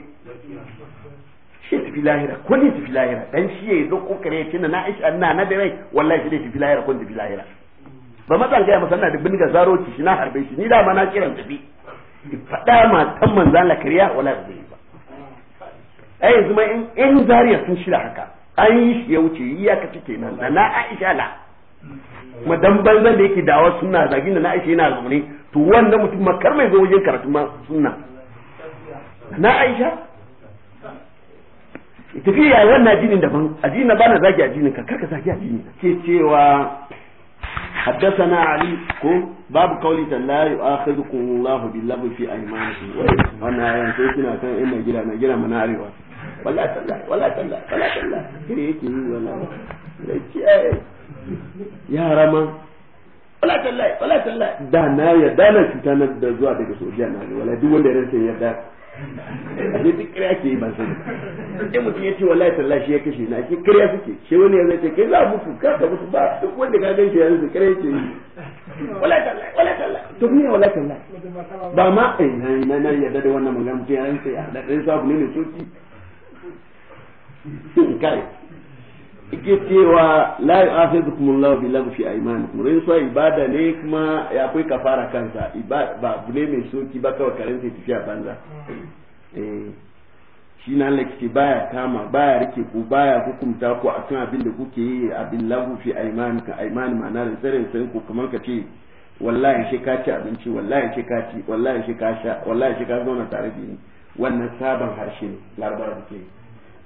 shi tafi lahira ko ni tafi lahira dan shi yayi doko ko kare ce na Aisha na na da wallahi shi dai tafi lahira ko tafi lahira ba matsan gaya masa na dubin ga zaro ki shi na harbe shi ni da ma na kiran tafi fada ma tan manzan la kariya wala da zai ba ai yanzu ma in in zariya sun shira haka an yi shi ya wuce ya kace kenan da na Aisha la madan banzan da yake dawo sunna zagin da na Aisha yana zamune to wanda mutum makar mai zo wajen karatu ma sunna na Aisha tafiya wannan addinin daban addinin ba na zagi addinin ka karka zagi addinin ce cewa حدثنا علي كو باب قولي لا يؤاخذكم الله باللغو a ايمانكم وانا يعني كنا كان ان نجرا نجرا من arewa ولا تلا ولا تلا ولا تلا wala talla wala talla da na yarda na cuta na da zuwa daga sojiya na wala duk wanda ya rantsa ashe duk kariya ke yi ban sani sai mutum ya ce wallahi tallahi shi ya kashe na ashe kariya suke shi wani ya zai ce kai za mutu ka ka mutu ba duk wanda ka gan shi yanzu kariya ke yi wallahi tallahi wallahi tallahi to me wallahi tallahi ba ma eh na na yadda da wannan magana mutum ya rantsa ya da sai sabu ne ne soki kai yake cewa la yu'akhidhukum Allahu bi laghfi aymanikum rinsa ibada ne kuma ya akwai kafara kansa ba abu ne mai soki ba kawai karen sai tafiya banza eh shi na Allah kike baya kama baya rike ku baya hukunta ku akan abin da kuke yi abin lahu fi aymanikum aymani ma'ana rinsa sai ku kamar ka ce wallahi shi ka ci abinci wallahi shi ka ci wallahi shi ka sha wallahi shi ka zauna tare da ni wannan sabon harshe ne larabar da ke yi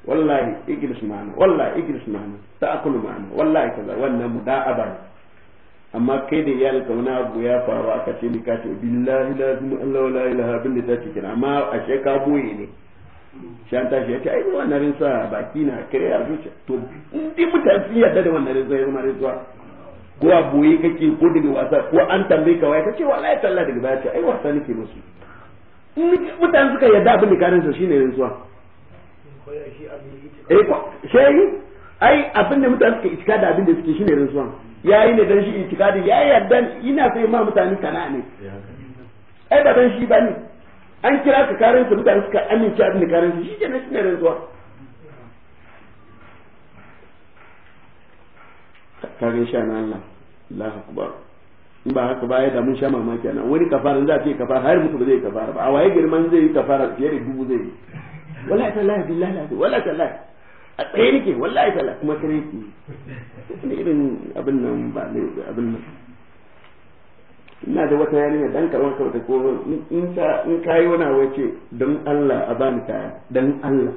wallahi iglis ma'ana wallahi iglis ma'ana ta'kulu ma'ana wallahi kaza wannan muda'aba ne amma kai da iyal ka wani abu ya faru aka ce ni ka ce billahi la ilaha la ilaha bin da take amma a she ka boye ne shi an tashi ya ce ai wannan rin sa baki na kare a zuciya to in dai mutane sun yarda da wannan rin sa ya zama rin ko a boye kake ko daga wasa ko an tambaye ka waya kace wallahi talla daga baya ce ai wasa nake musu mutane suka yarda abin da karin sa shine rin Eh, shehi ai abin da mutane suke itikadi abin da suke shine rinsuwan yayi ne dan shi itikadi ya yarda ina sai ma mutane kana ne ai ba dan shi bane an kira ka karin su mutane suka amince abin da karin su shi kenan shine rinsuwa karin sha na Allah Allahu akbar in ba haka ba ya da mun sha mamaki nan wani kafara za a ce kafara har mutu ba zai kafara ba a waye girman zai yi kafara fiye da dubu zai yi wallahi tallahi billahi la wallahi tallahi a tsaye nake wallahi tallahi kuma kare ki ne irin abin nan ba ne abin nan ina da wata yarinya dan karwan kawai ko in ta in yi wani wace dan Allah a bani kaya dan Allah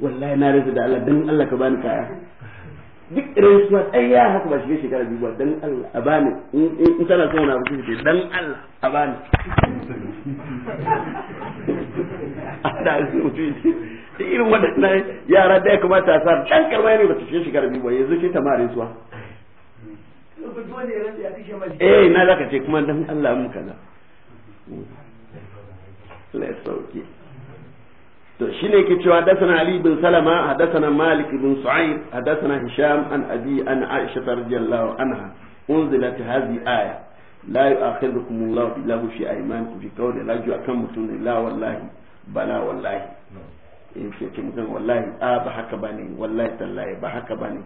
wallahi na rasa da Allah dan Allah ka bani kaya duk irin su a ya haka ba shi shekara biyu ba dan Allah a bani in tana so na rubuce dan Allah a bani ana zai mutu ce da irin waɗannan yara da ya kamata a sa ɗan karma ne ba ta ce shekara biyu ba yanzu ce ta mare suwa eh na zaka ce kuma dan Allah mu kaza Allah ya sauke to shine yake cewa hadathana ali bin salama hadathana malik bin su'aib hadathana hisham an abi an aisha radiyallahu anha unzilat hadhihi aya la yu'akhidhukum Allahu bi lahu fi aymanikum fi qawli la ju akan mutum ne la wallahi bala wallahi in ce ce mutum wallahi a ba haka bane wallahi tallahi ba haka bane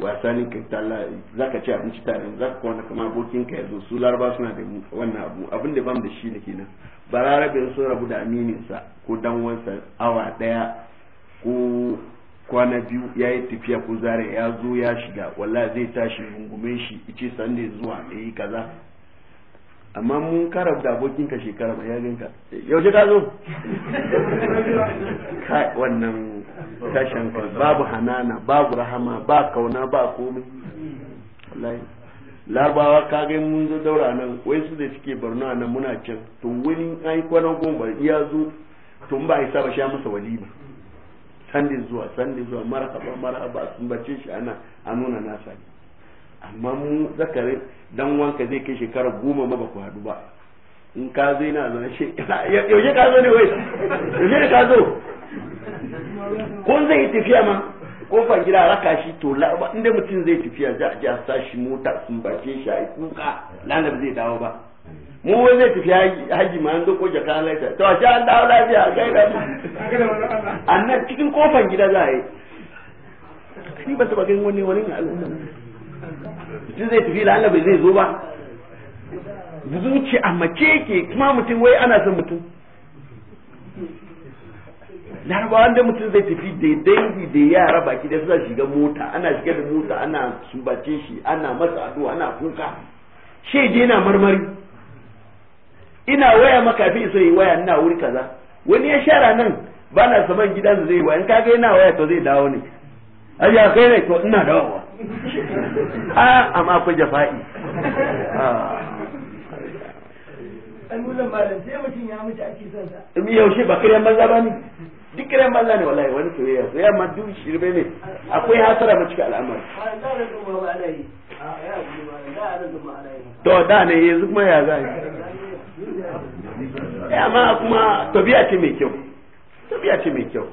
wasa ne ka talla zaka ci abinci tare zaka kwana kamar abokin ka yazo su laraba suna da wannan abu abin da bam da shi ne kenan bararabe sun rabu da aminin sa ko dan wansa awa daya ko kwana biyu ya yi tafiya ko zare ya zo ya shiga walla zai tashi rungume shi ice sanda zuwa ya yi kaza amma mun karab da abokin ka shekara mai ya ganka yaushe ji zo kai wannan tashan babu hanana babu rahama ba kauna ba komai wallahi labawa ka ga mun zo daura nan wai su da suke barno nan muna can to wani ai kwana goma ya zo to ba isa ba sha masa walima sande zuwa sande zuwa marhaba marhaba sun bace shi ana a nuna nasa ne amma mu zakare dan wanka zai kai shekara goma ma ba ku hadu ba in ka zai na zama shi yaushe ka zo ne wai yaushe ne ka zo ko zai yi tafiya ma kofar gida raka shi to inda mutum zai tafiya za a ji a sashi mota sun bace shi a yi kuka lana ba zai dawo ba mu wai zai tafi haji ma an zo ko jaka lafiya to a sha an dawo lafiya a da mu annan cikin kofar gida za a yi ni ba su bakin wani wani al'umma mutum zai tafi la'alla bai zai zo ba zuci a mace ke kuma mutum wai ana son mutum larabawan da mutum zai tafi da dangi da yara baki da suna shiga mota ana shiga da mota ana sumbace shi ana masa addu'a ana kuka she je na marmari ina waya makafi so yi waya ina wuri kaza wani ya shara nan ba na saman gidan zai waya in kaga ina waya to zai dawo ne ai ya kai ne to ina dawowa a ah, amma akwai jafa'i almulan ah. malam sai mutum ya mutu ake son sa in yaushe ba kiran banza ba ne duk kiran banza ne wallahi wani soyayya soyayya shirbe ne akwai hasara ma cikin al'amari ah, to da ne yanzu kuma ya zai ya eh, ma kuma tabi'a ce mai kyau tabi'a ce mai kyau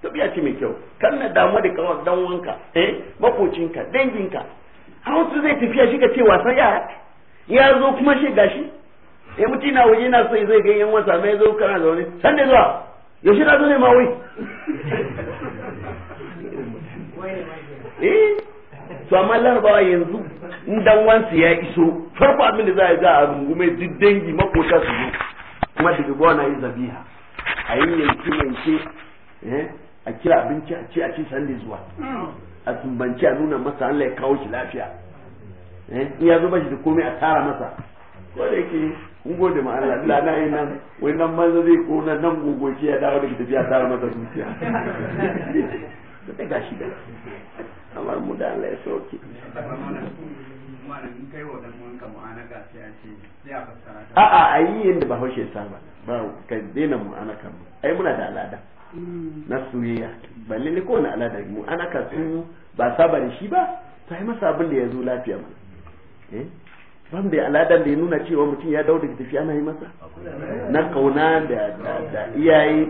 tabi'a ce mai kyau kan na damu da kawar dan wanka eh makocinka danginka hausu zai tafiya shi ka ce wasan ya ya zo kuma shi gashi eh mutum na waje na so zai ga yan wasa mai zo kana zaune san da zuwa yaushe na zo ne ma wai eh to amma larabawa yanzu in dan wansu ya iso farko abin da za a za a rungume duk dangi makota su zo kuma daga gona yi zabiha a yi yanke yanke eh, a kira abinci a ci a ci sande zuwa a tumbanci a nuna masa Allah ya kawo shi lafiya eh, in ya zuba shi da komai a tara masa ko da yake kun gode ma Allah Allah na yi nan wai nan manzo zai ko nan nan gogoshi ya dawo daga tafiya tara masa zuciya sai ta shi da amma mu da Allah ya sauke a'a ayi ba bahaushe saba ba ka daina mu'ana ana kan ai muna da al'ada na soyayya balle ne kowane al'ada mu ana ka sun ba saba da shi ba ta yi masa abin da ya zo lafiya mana eh? ban da al'adar da ya nuna cewa mutum ya dawo daga tafiya na yi masa na kauna da iyaye eh?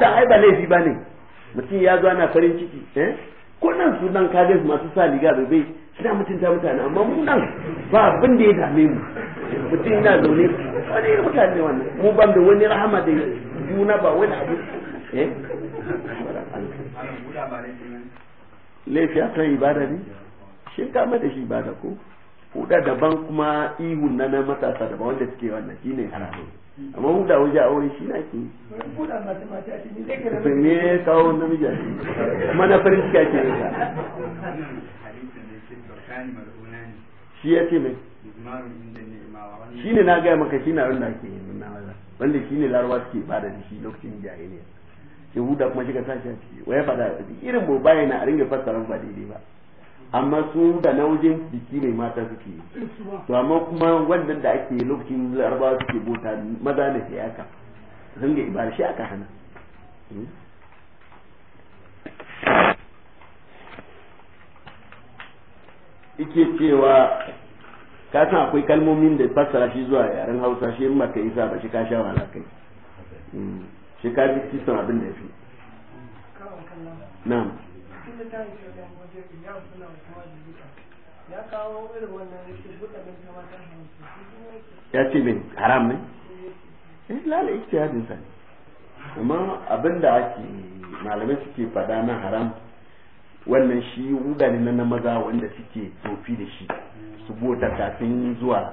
da ai ba laifi ba ne mutum ya zo ana farin ciki eh kunan nan kaje masu sa liga bai suna mutunta mutane amma mu nan ba abin da ya dame mu mutum yana zaune wani irin mutane wannan mu ban da wani rahama da juna ba wani abu eh laifi a kan ibada ne shi kama da shi ibada ko huda daban kuma ihu na na matasa daban wanda suke wannan shi ne haramun amma huda waje a wuri shi na ke ne kawo namiji kuma na farin ciki ake yin shi ya ce mai shi ne na gaya maka shi na abin da ake yi nuna waza wanda shi ne larabawa suke bada da shi lokacin jahiliya yahuda kuma shiga sashi a ciki waya fada irin bo baya na a ringa fassara ba daidai ba amma su da na wajen biki ne mata suke yi to amma kuma wannan da ake lokacin larabawa suke bota maza ne sai aka ringa ibada shi aka hana hmm? yake cewa ka san akwai kalmomin da fassara shi zuwa yaren hausa shi in maka isa ba shi ka sha wala kai hmm. shi ka bi kisan abin da ya fi na'am ya ce min haram ne eh lalle ijtihadin sa amma abin da ake malamai suke fada na haram wannan shi wugane na na maza wanda suke tofi da shi su bota kafin zuwa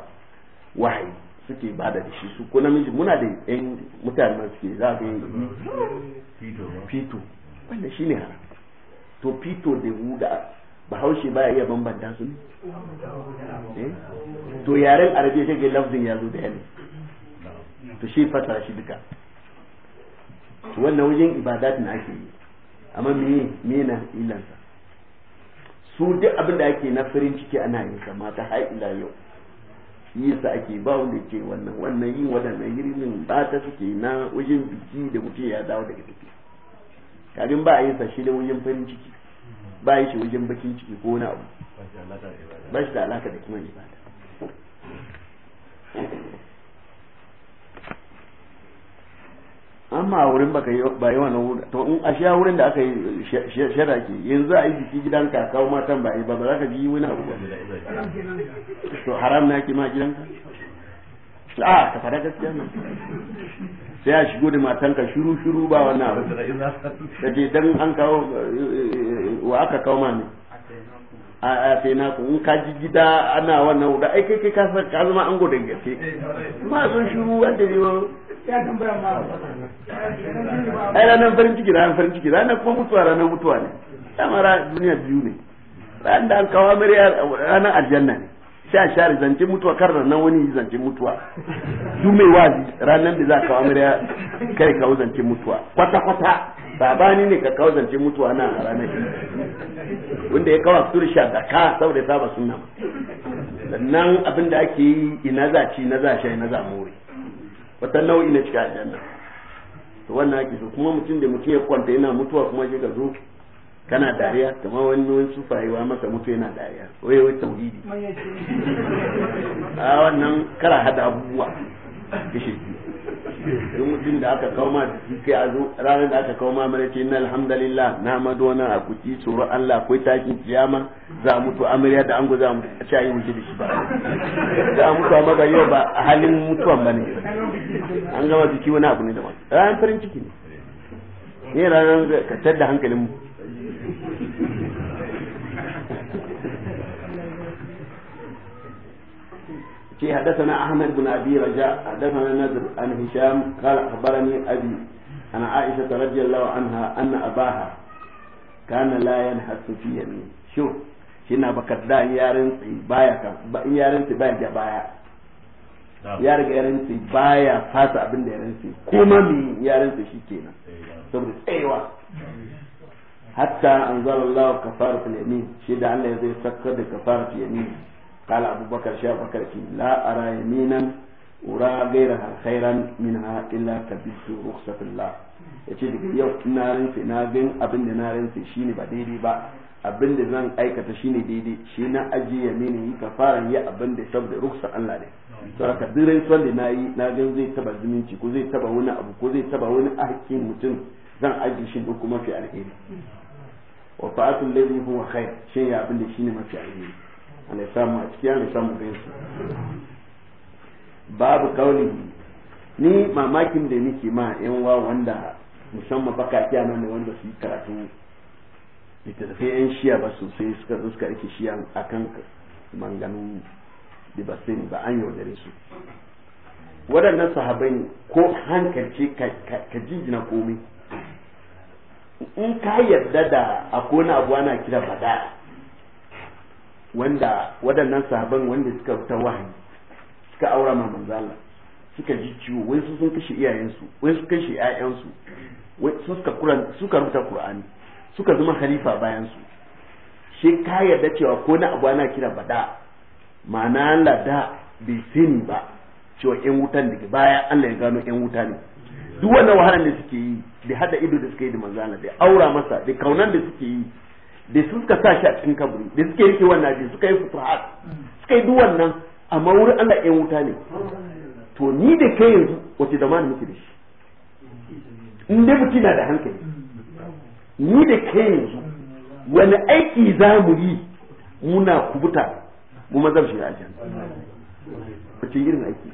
wahayi suke bada da shi su ko namiji muna da yan mutanen suke za ka yi fito wanda shi ne haram to fito da wuda bahaushe ba iya bambanta su ne eh? to yaren arabiya take lafzin ya zo da yanzu to shi fata shi duka wannan wajen ibadat na ake yi amma me me na ilansa su duk abin da ake na farin ciki ana yin sa mata har ila yau yi sa ake ba wanda ke wannan wannan yin waɗannan yirin ba ta suke na wajen biki da mutum ya dawo daga tafi kafin ba a yin sa shi da wajen farin ciki ba yi shi wajen bakin ciki ko na abu ba shi da alaka da kuma ibada amma wurin baka ba yi wannan wurin to in a wurin da aka yi shara ke yanzu a yi jiki gidan ka kawo matan ba ba ba za ka biyi wani abu ba to haram na ke ma gidan ka a ka fara gaskiya ne sai a shigo da matan ka shiru shiru ba wannan abu da dan an kawo wa aka kawo ma ne a ku in ka ji gida ana wannan wuda ai kai kai ka ka zama ango da gaske ma sun shuru wanda ne ai ranar farin ciki ranar farin ciki ranar kuma mutuwa ranar mutuwa ne dama duniya biyu ne ranar da an kawo amarya ranar aljanna ne sha share zance mutuwa kar nan wani zance mutuwa duk mai wazi ranar da za ka kawo mariya kai kawo zance mutuwa kwata kwata sabani ne ka kawo zance mutuwa na a ranar shi wanda ya kawo sursha da ka saboda saba suna sannan abin da ake yi ina za ci na za sha na za more wata nau'i na cika aljanna to wannan ake so kuma mutum da mutum ya kwanta yana mutuwa kuma shi ka zo kana dariya kuma wani wani sufayewa masa mutu yana dariya wai wai tauhidi a wannan kara hada abubuwa kishi biyu duk mutum da aka kawo ma jiki kai a ranar da aka kawo ma mara ce na alhamdulillah na madu wani a kuci tsoron Allah kai takin kiyama za mutu amarya da ango za mu ci a yi wuce da shi ba za a mutu amma ga yau ba a halin mutuwan ba ne an gama jiki wani abu ne da wani ranar farin ciki ne ne ranar ka da hankalin mu في حدثنا أحمد بن أبي رجاء حدثنا نذر عن هشام قال أخبرني أبي أن عائشة رضي الله عنها أن أباها كان لا ينحس في يمين شوف shina baka da yarinci baya ka yarinci baya da baya ya riga yarinci baya fasa abin da yarinci kuma mi yarinci shi kenan saboda tsayawa hatta anzalallahu kafarat al-yamin shi da Allah zai sakar da kafar yamin قال أبو بكر شاب بكر لا أرى يمينا أرى غيرها خيرا منها إلا تبث رخصة الله yace da yau na rinse na gan abin da na rinse ne ba daidai ba abin da zan aikata shi ne daidai shi na ajiye mene yi ka kafaran yi abin da saboda ruksa Allah ne to haka duk rinsuwar da na yi na gan zai taba zumunci ko zai taba wani abu ko zai taba wani hakkin mutum zan ajiye shi ko kuma fi alheri wa fa'atul ladhi huwa khair shi ya abin da shi ne mafi alheri ana samu a ciki ana samu su babu kauli ni mamakin da nake ma yan wa wanda musamman baka kiyana ne wanda su yi karatu littattafai yan shiya ba sosai suka zo suka rike shiya a kan manganu da ba sai ba an yaudare su waɗannan sahabai ko hankalci ka jijina komai in ka yarda da akwai wani abuwa na kira bada wanda waɗannan sahaban wanda suka ta wahayi suka aura ma manzo Allah suka ji ciwo wai su sun kashe iyayensu wai su kashe ƴaƴansu wai su suka kuran suka rubuta Qur'ani suka zama khalifa bayan su shi ka yarda cewa ko na abu ana kira bada ma'ana Allah da bai sani ba cewa ƴan wutan daga baya Allah ya gano ƴan wuta ne duk wannan wahalar da suke yi da hada ido da suke yi da manzo Allah da aura masa da kaunan da suke yi da su suka sa shi a cikin kaburi da suke rike wannan hadisi suka yi futuhat suka yi duwan nan amma mawuri Allah ya wuta ne to ni da ke yanzu wace da mani muke da shi in dai na da hankali ni da ke yanzu wani aiki za mu yi muna kubuta mu mazar shi jan wace irin aiki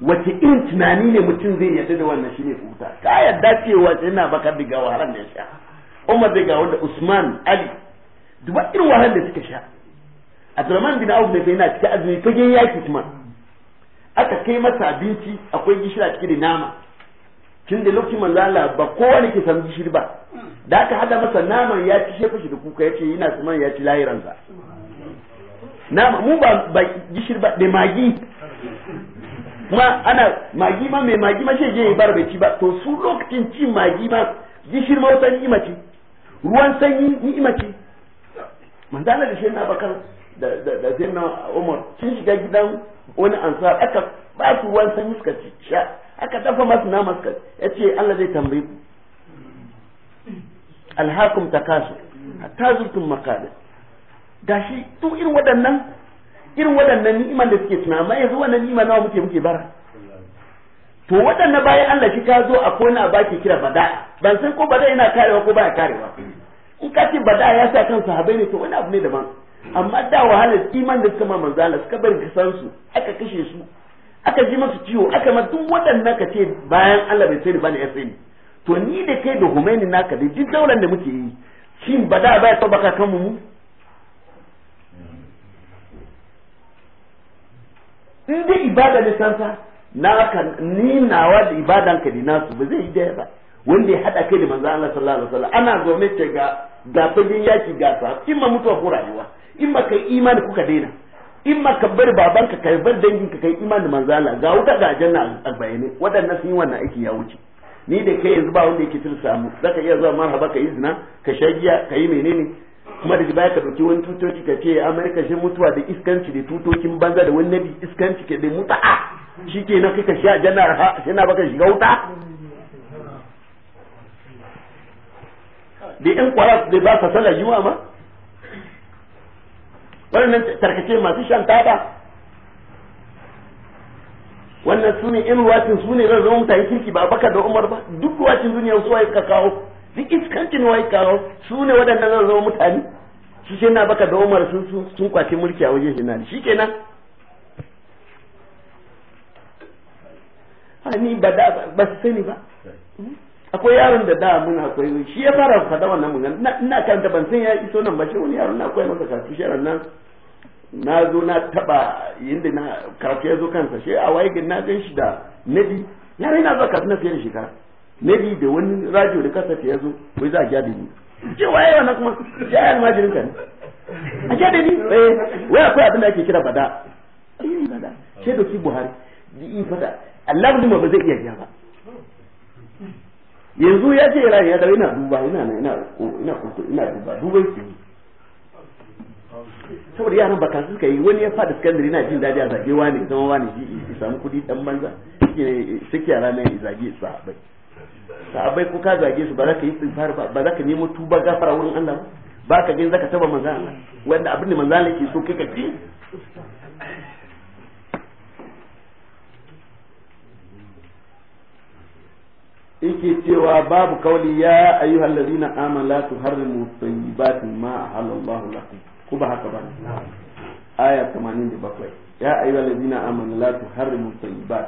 wace irin tunani ne mutum zai yarda da wannan shi ne kubuta ka yadda cewa sai na baka diga wahalar da ya sha Umar zai ga wanda Usman Ali duba irin wahalar da suka sha Abdurrahman bin Auf ne sai yana cikin azumi fagen yaki kuma aka kai masa abinci akwai gishiri a ciki da nama kin da lokacin manzala ba kowa ne ke san gishiri ba da aka hada masa naman ya ci shefa shi da kuka ya ce yana tsaman ya ci sa nama mu ba gishiri ba da magi ma ana magi ma mai magi ma shege je ba bar bai ci ba to su lokacin ci magi ma gishiri ma wata ni'ima ce ruwan sanyi ni'ima ce manzala da shirin bakar da da zaina umar sun shiga gidan wani ansar aka ba su ruwan sanyi suka ci sha aka dafa masu nama suka yace Allah zai tambaye ku alhakum takasu hatta zurtum maqabir gashi duk irin waɗannan irin waɗannan ni'iman da suke tunama amma yanzu wannan ni'ima nawa muke muke bara to waɗannan bayan Allah shi ka zo akwai na ba ke kira bada ban san ko bada yana karewa ko baya karewa in ka ce bada ya sa kan sahabai ne to wani abu ne daban amma da wahalar iman da suka ma Allah suka bari ka san su aka kashe su aka ji masu ciwo aka ma duk waɗannan ka ce bayan Allah bai sani bane ya sani to ni da kai da Humaini naka dai duk daular da muke yi shin bada baya baka kan mu in dai ibada ne sansa na ni nawa da ibadan ka dina su ba zai yi daya ba wanda ya hada kai da manzo Allah sallallahu alaihi wasallam ana zo mai ce ga ga fagin yaki ga sa in ma mutuwa ko rayuwa in ma kai imani kuka daina in ma ka bar baban ka kai bar ka kai imani manzo Allah ga wuta ga janna albayni wadannan sun yi wannan aiki ya wuce ni da kai yanzu ba wanda yake tilsa samu zaka iya zuwa marhaba ka izina ka shagiya ka yi menene kuma da baya ka dauki wani tutoci ka ce amerika shi mutuwa da iskanci da tutokin banza da wani nabi iskanci ke da mutu'a shi ke na kika shi a jannar shi na baka shiga wuta da yan kwara da ba sa sana yiwa ma wannan tarkace masu shan taba wannan su ne in ruwacin su ne zama mutane kirki ba baka da umar ba duk ruwacin duniya su waye ka kawo duk iskancin waye kawo su ne waɗanda zama mutane su ce na baka da umar sun kwace mulki a waje shi na shi kenan ni ba da ba su sani ba akwai yaron da da mun akwai shi ya fara fada wannan na ina kanta ban san ya iso nan ba shi wani yaron na akwai masa karatu shi nan na zo na taba yinda na karatu ya zo kansa shi a waye na gan shi da nabi yaron yana zuwa karatu na fiye da shekara nabi da wani radio da kasa ya zo wai za a gyada ni ce waye wannan kuma shi ya almajirin ka ne a gyada ni eh wai akwai abin da ake kira bada shi da ki buhari in fada Allah ma ba zai iya biya ba yanzu ya ce yana ya ina duba ina na ina ina ina duba duba yake saboda yaran baka suka yi wani ya fada sakandare na jin daɗi a zage wani zama wani ji samu kuɗi dan banza suke yara ne zage su sahabbai ko ka zage su ba za ka yi tsifar ba ba za ka nemo tuba gafara wurin Allah ba ka gani ka taba manzana wanda abin da manzana ke so so ka ci yake cewa babu kauli ya ayyuhal ladina amanu la tuharrimu tayyibati ma ahallallahu lakum ko ba haka ba aya 87 ya ayyuhal ladina amanu la tuharrimu tayyibat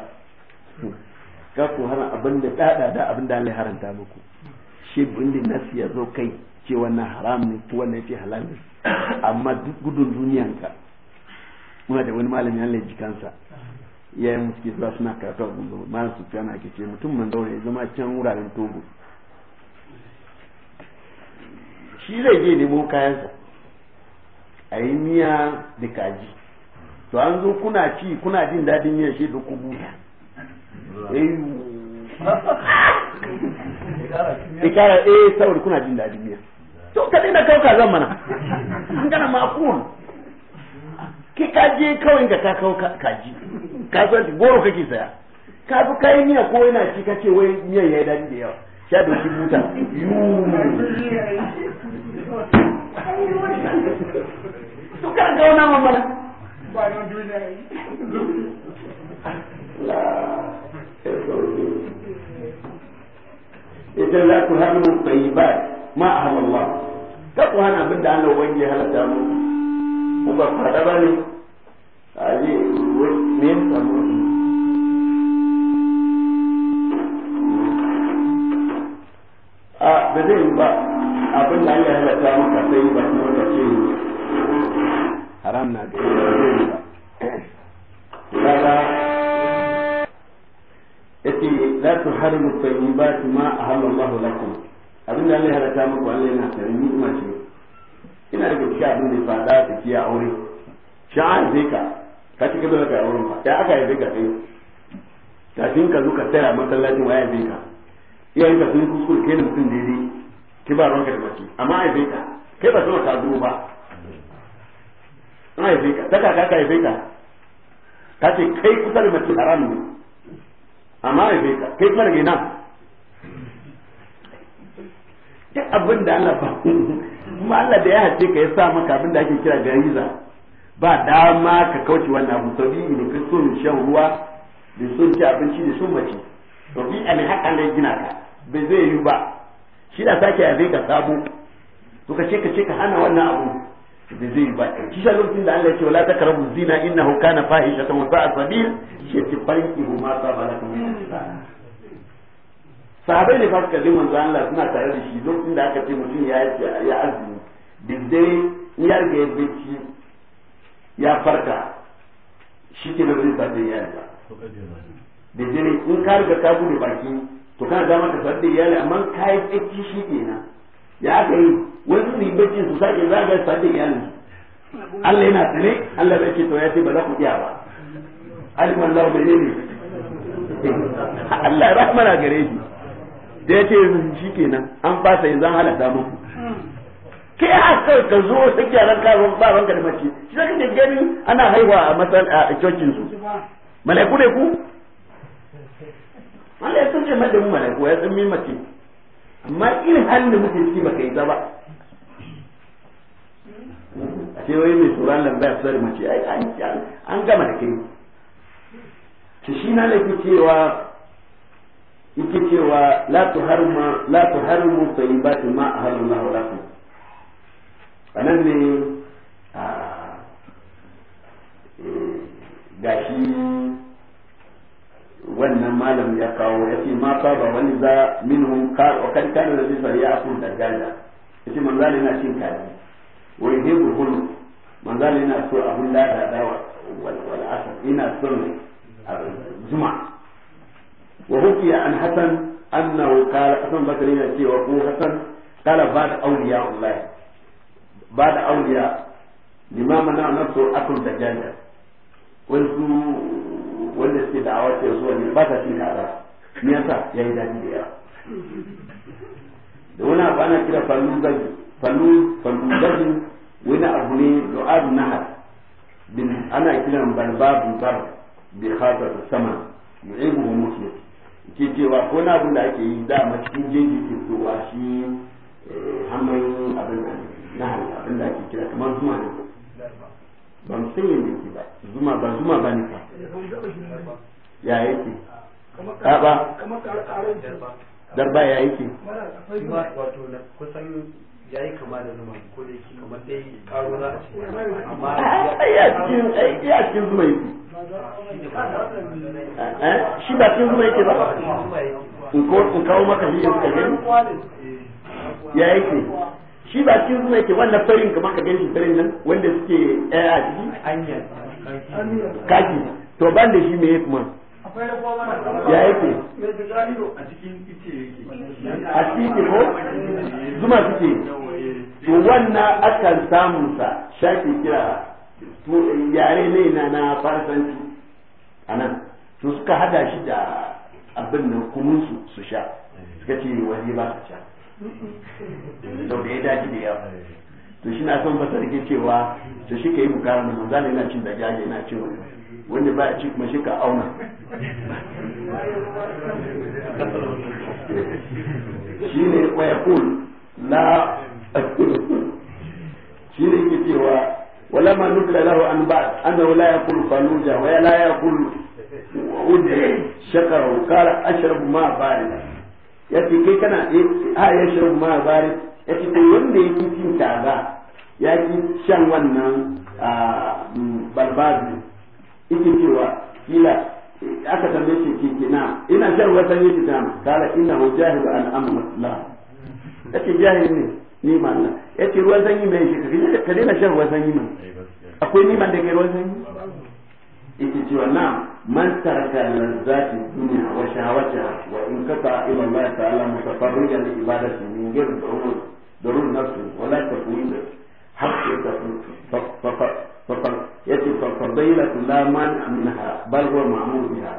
ka ku hana abinda dada da abinda Allah ya haranta muku shi bindin nasi ya zo kai cewa na haram ne ko wannan shi halal ne amma duk gudun duniyanka muna da wani malami Allah ya ji kansa ya yi musu kisa suna karatu a gungu malam sufiyana ake ce mutum man zaune ya zama can wuraren togo shi zai je nemo kayansa a yi miya da kaji to an zo kuna ci kuna jin daɗin miya shi da kubu ikara eh saboda kuna jin daɗin miya to ka daina kauka zan mana an gana makon ki ka je kawai ka ka kawo kaji ka san goro kake saya ka bi kai miya ko yana ci ka ce wai miya yayi dadi da yawa sha doki buta to ka ga wannan mamala ba na duniya Idan za ku bai ba ma ahalla ka ku hana abinda Allah wani ya halatta mu ko ba ba ne a je me samu a zai yi ba abin da Allah ya halatta maka sai ba ce haram na da yi ba yace la ma ahalla lakum Allah ya halatta yana ce ina da gaskiya abin da ya faɗa ta kiya aure sha'an zai ka ka ci gaba da kai aure ya aka yi zai ka sai kafin ka zo ka tsaya masallacin waya zai ka iyayen ka sun kuskure kai da mutum daidai ki ba ranka da baki amma ai zai ka kai ba sama ka zo ba ai zai ka ta ka ka zai ka ka ce kai kusa da mace haram ne amma ai zai ka kai kuma da gina. duk abin da Allah ba kuma Allah da ya hace ka ya sa maka abin da ake kira gariza ba dama ka kauce wannan abu sabi ne ka so shan ruwa da so ci abinci da so mace a ne haka ne gina ka bai zai yi ba shi da sake ya zai ka sabo to ka ce ka ce ka hana wannan abu bai zai yi ba shi shi lokacin da Allah ya ce wala takrabu zina innahu kana fahishatan wa sa'a sabil shi ce fanki huma sabalakum min sahabai ne fasika suka manzo Allah suna tare da shi lokacin da aka ce mutum ya ya azumi diddai ya riga ya bacci ya farka shi ke da zai yi ya ba diddai in ka riga ka bude baki to kana da maka sadin da ne amma ka yi bacci shi na ya aka yi wani su yi bacci su sake za ga sadin ya ne Allah yana tsare Allah bai ce to ya ce ba za ku iya ba aliman bai ne Allah ya rahmana gare shi da ya ce shi kenan an fasa yanzu an halatta muku ke a kai ka zo take ran ka ran ba ranka da mace shi zaka da gani ana haihuwa a masal a cocin su malaiku ne ku Allah ya sunce mai da mu malaiku ya tsammi mace amma irin halin da muke ciki baka yi ba a ce wai mai tsoron ba su da mace ai an gama da kai shi na laifi cewa yake cewa la harma la harmu tayyibati ma ahalla wa lakum anan ne a eh, gashi wannan malam ya kawo ya ce ma fa ba wani za minhum kar wa kan kana da bisa ya akun da gaja yace manzali na cin kaji wa hun hulu manzali na so a hulla da dawa wal asr ina son zuma wa hukiya an hasan annahu qala hasan bakari na cewa ko hasan qala ba da auliya wallahi ba da limama na nafsu akun da janja wani su wanda suke da'awa ce zuwa ne ba ta cin dadi da yawa wani abu ne du'ar nahar ana kiran balbabu bar bi sama ke cewa ko na abin da ake yi da a cikin jeji ke fitowa shi eh, hannun abin da na abin da ake kira kamar zuma ne ba mu san da ke ba zuma ba zuma ba ne fa ya yake ba darba ya yake wato kusan ya yi kama da zuma ko da yake kamar dai karo na a cikin amma ya cikin zuma yake eh? shi ba cikin zuma yake ba in ko in kawo maka shi ka gani ya yake shi ba cikin zuma yake wannan farin kamar ka gani farin nan wanda suke ɗaya a ciki kaki to ban da shi me ya kuma ya yake a cikin ko zuma suke to wannan akan samun sa shafi kira eh, yare ne na na farsanci a nan to suka hada shi da abin nan kunun su su sha suka ce wani ba su sha to da ya dace da yawa to shi na son fasar ke cewa to shi ka yi bukara da manzana yana cin da jage yana cin wani wanda ba ya ci kuma shi ka auna shi ne kwaya kulu na shi ne ke cewa wala ma nukla lahu an ba annahu la yakul faluja wa la yakul udri shakara qala ashrabu ma barid yace kai kana eh, ha ya shrabu ma barid yace to wanda yake cin taza ya ki shan wannan a barbazi yake cewa kila aka tambaye shi kina ina shan wata yake tana kala innahu jahilu an amr la ake jahili ne nima ma ya ce ruwan sanyi mai shi ka daina shan ruwan sanyi man eh, akwai ni da ke ruwan sanyi yake cewa na man taraka lazzati dunya wa shahawatiha wa in ka ta ila Allah ta'ala mutafarrijan li ibadati min ghairi darur darur nafsi wa la taqwid hatta tafar fa yace fadaila la man minha bal huwa ma'mur biha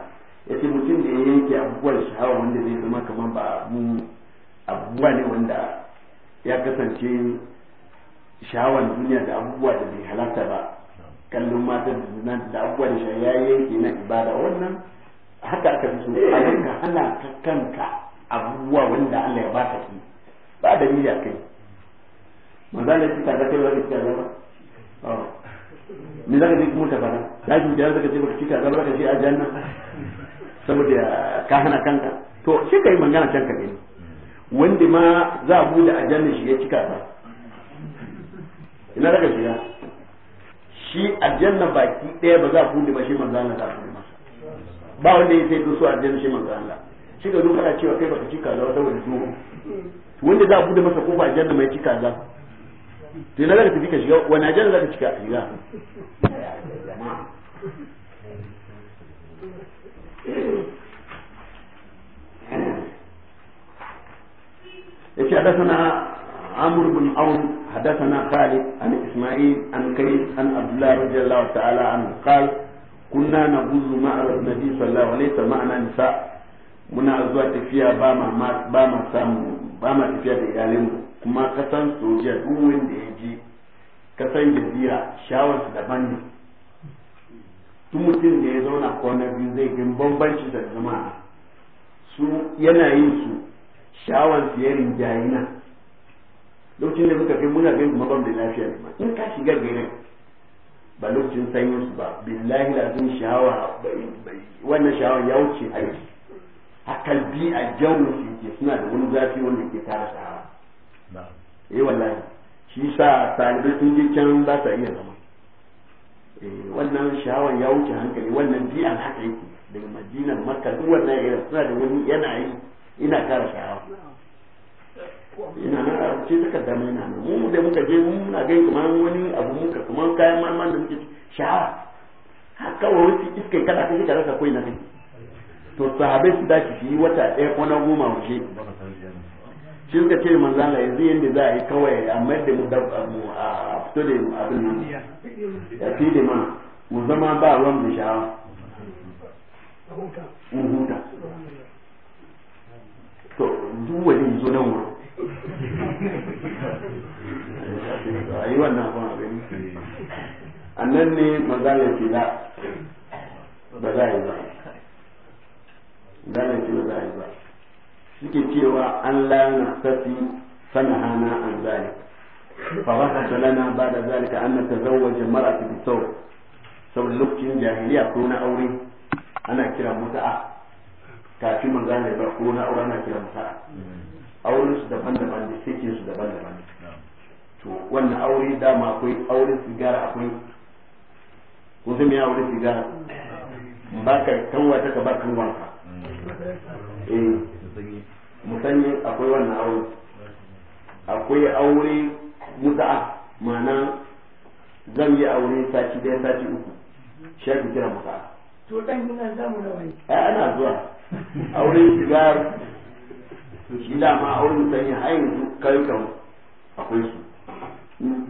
yace mutum da yake abubuwan shahawa wanda zai zama kaman ba mu abubuwa ne wanda ya kasance shawar duniya da abubuwa da bai halatta ba kallon mata da zina da abubuwa da shayi ya yanke na ibada wannan haka aka fi so eh. a ka hana ka kanka abubuwa wanda Allah ya baka shi ba da miya kai manzo ne ta da kai wani kika zama ne zaka je kuma ta bana lakin da zaka je baka kika da ka je a janna saboda ka hana kanka to shi kai magana kanka ne wanda ma za a bude aljanna shi ya cika ta ina daga shiga shi aljanna baki daya ba za a bude ba shi manzo Allah ta bude masa ba wanda ya sai a aljanna shi manzo Allah shi ga duka cewa kai baka cika da wata wani zuwa wanda za a bude masa kofa aljanna mai cika za to ina daga tafi ka shiga wani aljanna za ka cika shiga yace حدثنا عمرو بن عون حدثنا خالد عن اسماعيل عن كريم عن عبد الله رضي الله تعالى عنه قال كنا نبوز مع النبي صلى الله عليه وسلم معنا نساء muna zuwa tafiya ba ma samu ba ma tafiya da iyalinmu kuma san sojiya duk wanda ya ka san jazira shawar su daban ne tun mutum da ya zauna kwanar biyu zai gin bambanci da jama'a su yana yin su sha'awar siyarin jayina lokacin da muka kai muna bin kuma da lafiya ne ma in ka shiga garin ba lokacin sanyin su ba billahi lazim shawa wannan shawan ya wuce aiki a kalbi a jawon su ke suna da wani zafi wanda ke tara shawa eh wallahi shi sa talibai sun je can ba sa iya zama eh, wannan shawan ya wuce hankali wannan bi'an haka yake daga madina makka duk wannan irin suna da wani yi ina kara sha'awa ina na ce suka dama ina nan mu da muka je mu na gani kamar wani abu muka kamar kayan marmar da muke sha'awa haka wa wasu iskai kada kashe ka rasa koi na kai to sahabai su dace shi wata ɗaya ko na goma wuce shi suka ce manzo Allah yanzu yanda za a yi kawai a mayar da mu da mu a fito da abin nan ya fi da mana mu zama ba ruwan da sha'awa mu huta to duk wani zo nan wurin a yi wannan abin a gani a nan ne magana ya ce la ba za a yi ba da ne ce ba za a yi ba suke cewa an lana sana hana an zali fa wasa lana ba da zalika an natazawwaja mar'atu bi saw saboda lokacin jahiliya ko na aure ana kira muta'a kafin mun gane ya ko na aure na kira musa aure su daban-daban da suke su daban-daban to wannan aure dama akwai aure sigara akwai ko sai me aure sigara ba ka kanwa ta ka ba kan wanka. eh musanyi akwai wannan aure akwai aure muta'a ma'ana zan yi aure sati daya sati uku shi ake kira muta'a to dan yana zamu wani. eh ana zuwa auren sigar gida ma auren sanya har yanzu kayukan akwai su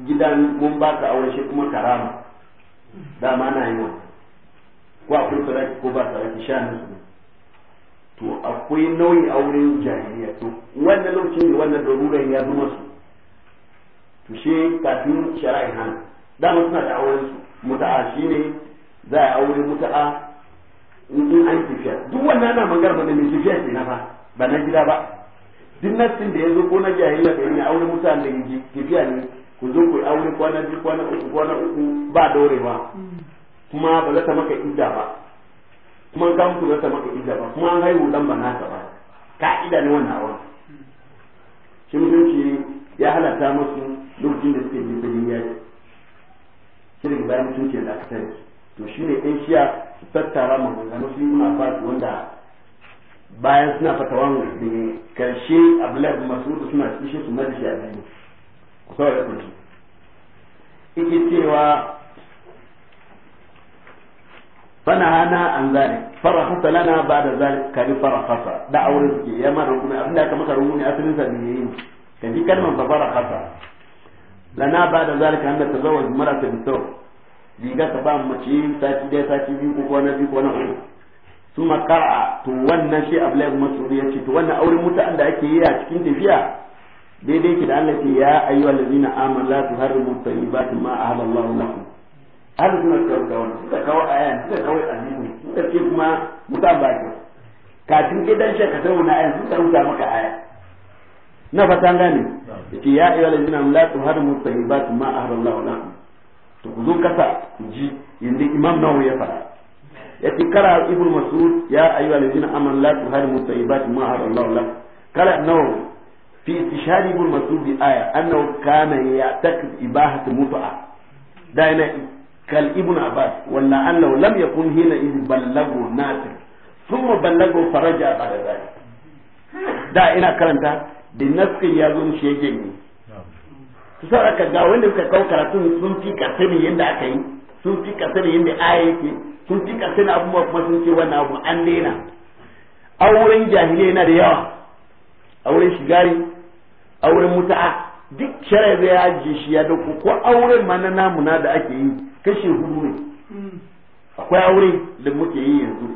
gidan mun ba ka aure shi kuma karama dama na yi wa ko akwai sarki ko ba sarki sha na su to akwai nau'in auren jahiliya to wannan lokacin da wannan daruran ya zama su to shi kafin shari'a hana dama suna da auren su muta'a shine za a aure muta'a in an tafiya duk wannan ana mangar mana mai tafiya ke na fa ba na gida ba duk nassin da ya zo ko na jahiliya da ne aure mutane da ke tafiya ne ku zo ku aure kwana biyu kwana uku kwana uku ba daure ba kuma ba za ta maka idda ba kuma ka mutu za ta maka idda ba kuma an haihu dan ba naka ba ka'ida ne wannan awon shi mutunci ya halatta musu lokacin da suke jirgin yaki shirin bayan mutunci da aka tare to shi ne ɗan shiya su tattara maganganu su yi muna fati wanda bayan suna fatawan da karshe masu masudu suna ishe su madashi a biyu ku saurara da ji ike cewa hana an zalik farahasa lana ba da zalik kari farahasa da auren suke ya mara kuma abin da aka maka rumuni asalin sa ne yayin ka ji kalmar fa farahasa lana ba da zalik an da mara ta bisau riga ka ba mace sati daya sati biyu ko kwana biyu kwana uku su makara to wannan shi abdullahi masuri ya ce to wannan auren mutan da ake yi a cikin tafiya daidai ki da Allah ce ya ayyuhal ladina amanu la tuharrimu tayyibati ma ahallallahu lakum har suna kawo kawo suka kawo aya suka kawo addini suka ce kuma mutan ba ki kafin gidan shaka sai wani aya suka rubuta maka aya na fatan gane yace ya ayyuhal ladina amanu la tuharrimu tayyibati ma ahallallahu lakum to ku zo kasa ji inda imam nawo ya fara ya ce kara ibn mas'ud ya ayyu ayu alladhin amanu la tuharimu tayyibat ma halallahu lakum kala nawo fi istishhad ibn mas'ud bi aya annahu kana ya'takid ibahat mut'a da ina kal ibn abbas wala annahu lam yakun hina iz ballagu nasir thumma ballagu faraja ba'da dhalik da ina karanta da naskin ya zo shi yake ne kusa aka ga wanda suka kawo karatun sun fi ka sani yadda aka yi sun fi ka sani yadda aya yake sun fi ka sani abubuwa kuma sun ce wannan abu an daina auren jahiliya yana da yawa auren shigari auren muta'a duk shara zai ajiye shi ya dauko ko auren ma na namuna da ake yi kashe hudu ne akwai aure da muke yi yanzu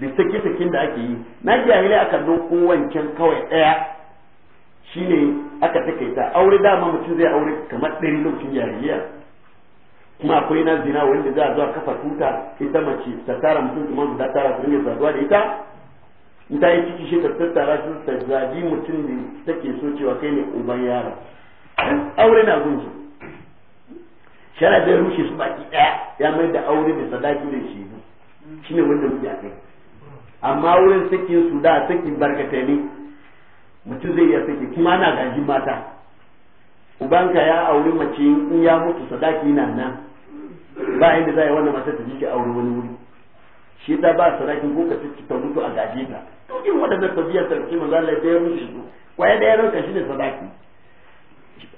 da sake-saken da ake yi na jahiliya aka dauko wancan kawai ɗaya shine aka takaita aure dama mutum zai aure kamar ɗari lokacin yariya kuma akwai na zina wanda za a zuwa kafa tuta ita mace ta tara mutum kuma guda tara su ne zaduwa da ita in ta yi ciki shi ta tattara su ta zabi mutum da take so cewa kai ne uban yara aure na gunsu shara zai rushe su baki ɗaya ya mai da aure da sadaki da shi shine wanda muke a kai amma wurin sakin su da sakin barkatai ne mutum zai iya sake kuma ana gaji mata ubanka ya auri mace in ya mutu sadaki na nan ba inda za a yi wannan matar ta jike aure wani wuri shi ta ba sadaki ko ka ci ta mutu a gaje ta in waɗannan tafiyar sarki maza Allah ya mutu shi kwaya da yaron ka shi ne sadaki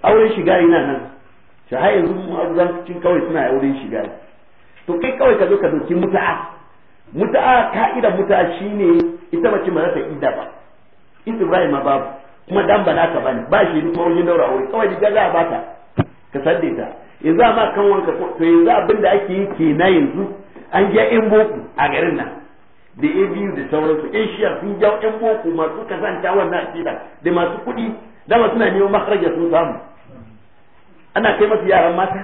auren shiga ina nan shi har yanzu mu kawai suna auren shiga to kai kawai ka zo ka doki muta'a muta'a ka'idar muta'a shine ita mace ba za ta ida ba Ibrahim ma babu kuma dan ba naka bane ba shi kuma wajen daura aure kawai da za a baka ka sadde ta yanzu ma kan wanka to yanzu abin da ake yi na yanzu an ga in boko a garin nan da ABU da sauransu in shiya sun ja yan boko masu kasanta wannan akida da masu kuɗi dama suna neman makarajar sun samu ana kai masu yaran mata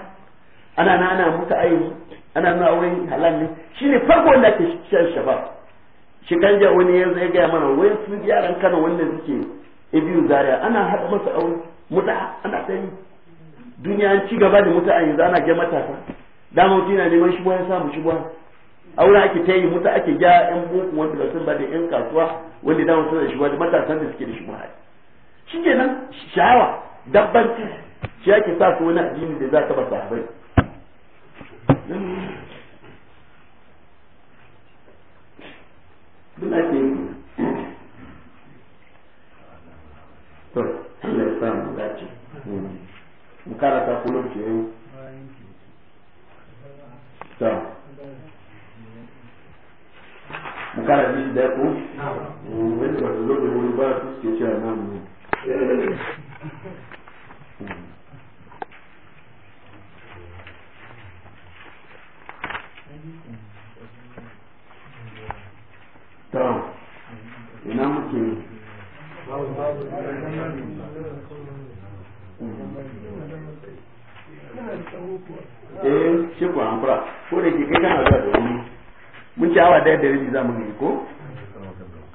ana na ana mutu ayyuka ana nuna auren halal ne shine farko wanda ake shan shabab shi ja wani ya zai gaya mana wai su yaran kano wanda suke ibiyu zaria ana haɗa masa aure muta ana sani duniya an ci gaba da muta yanzu ana gya matasa dama mutum yana neman shi ya samu shi aure ake ta yi muta ake gya yan boko wanda ba sun ba da yan kasuwa wanda dama suna da shi da matasan da suke da shi shi kenan sha'awa dabbanci shi ake sa su wani addini da za ta ba sahabai duk ake yi to Allah ya sa dace mu ke yi to mu kara bi da ku wani ba su wani ba su ke cewa namu ne to ina muke eh shi ku ko da ke kai kana da mun ci awa daya da rabi za mu yi ko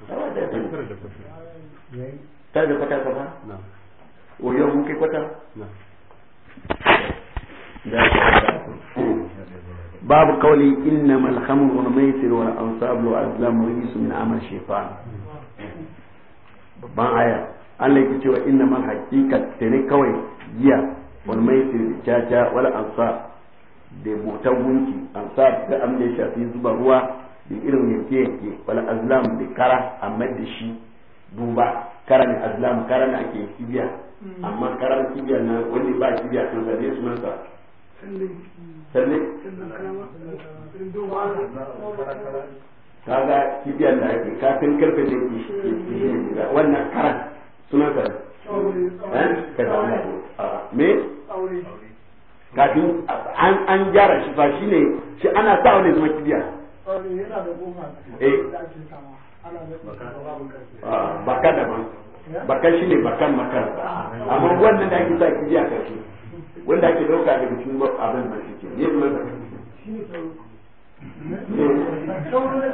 awa daya da rabi da kwata kwata mun kai kwata da babu kauli inna mal khamru wal maisir wal ansab wal azlam rijisun min amal shaytan babban aya Allah yake cewa inna mal hakika tare kawai giya wal maisir da caca wal ansab da bautan gunki ansab da amne shafi zuba ruwa da irin yanke yanke wal azlam da kara amma da shi kara ne azlam kara ne ake kibiya amma karar kibiya na wanda ba kibiya kan zane sunansa sannan kaga kibiyar da ake kafin karfe da ke wannan karan suna eh? ka ah, me kafin an gyara shi ba shi shi ana sa wani zama eh. ah, baka eh? baka ne bakan makar ah. amma wannan da ake sa kibiya karshe wanda ake dauka da cikin abin da suke ne kuma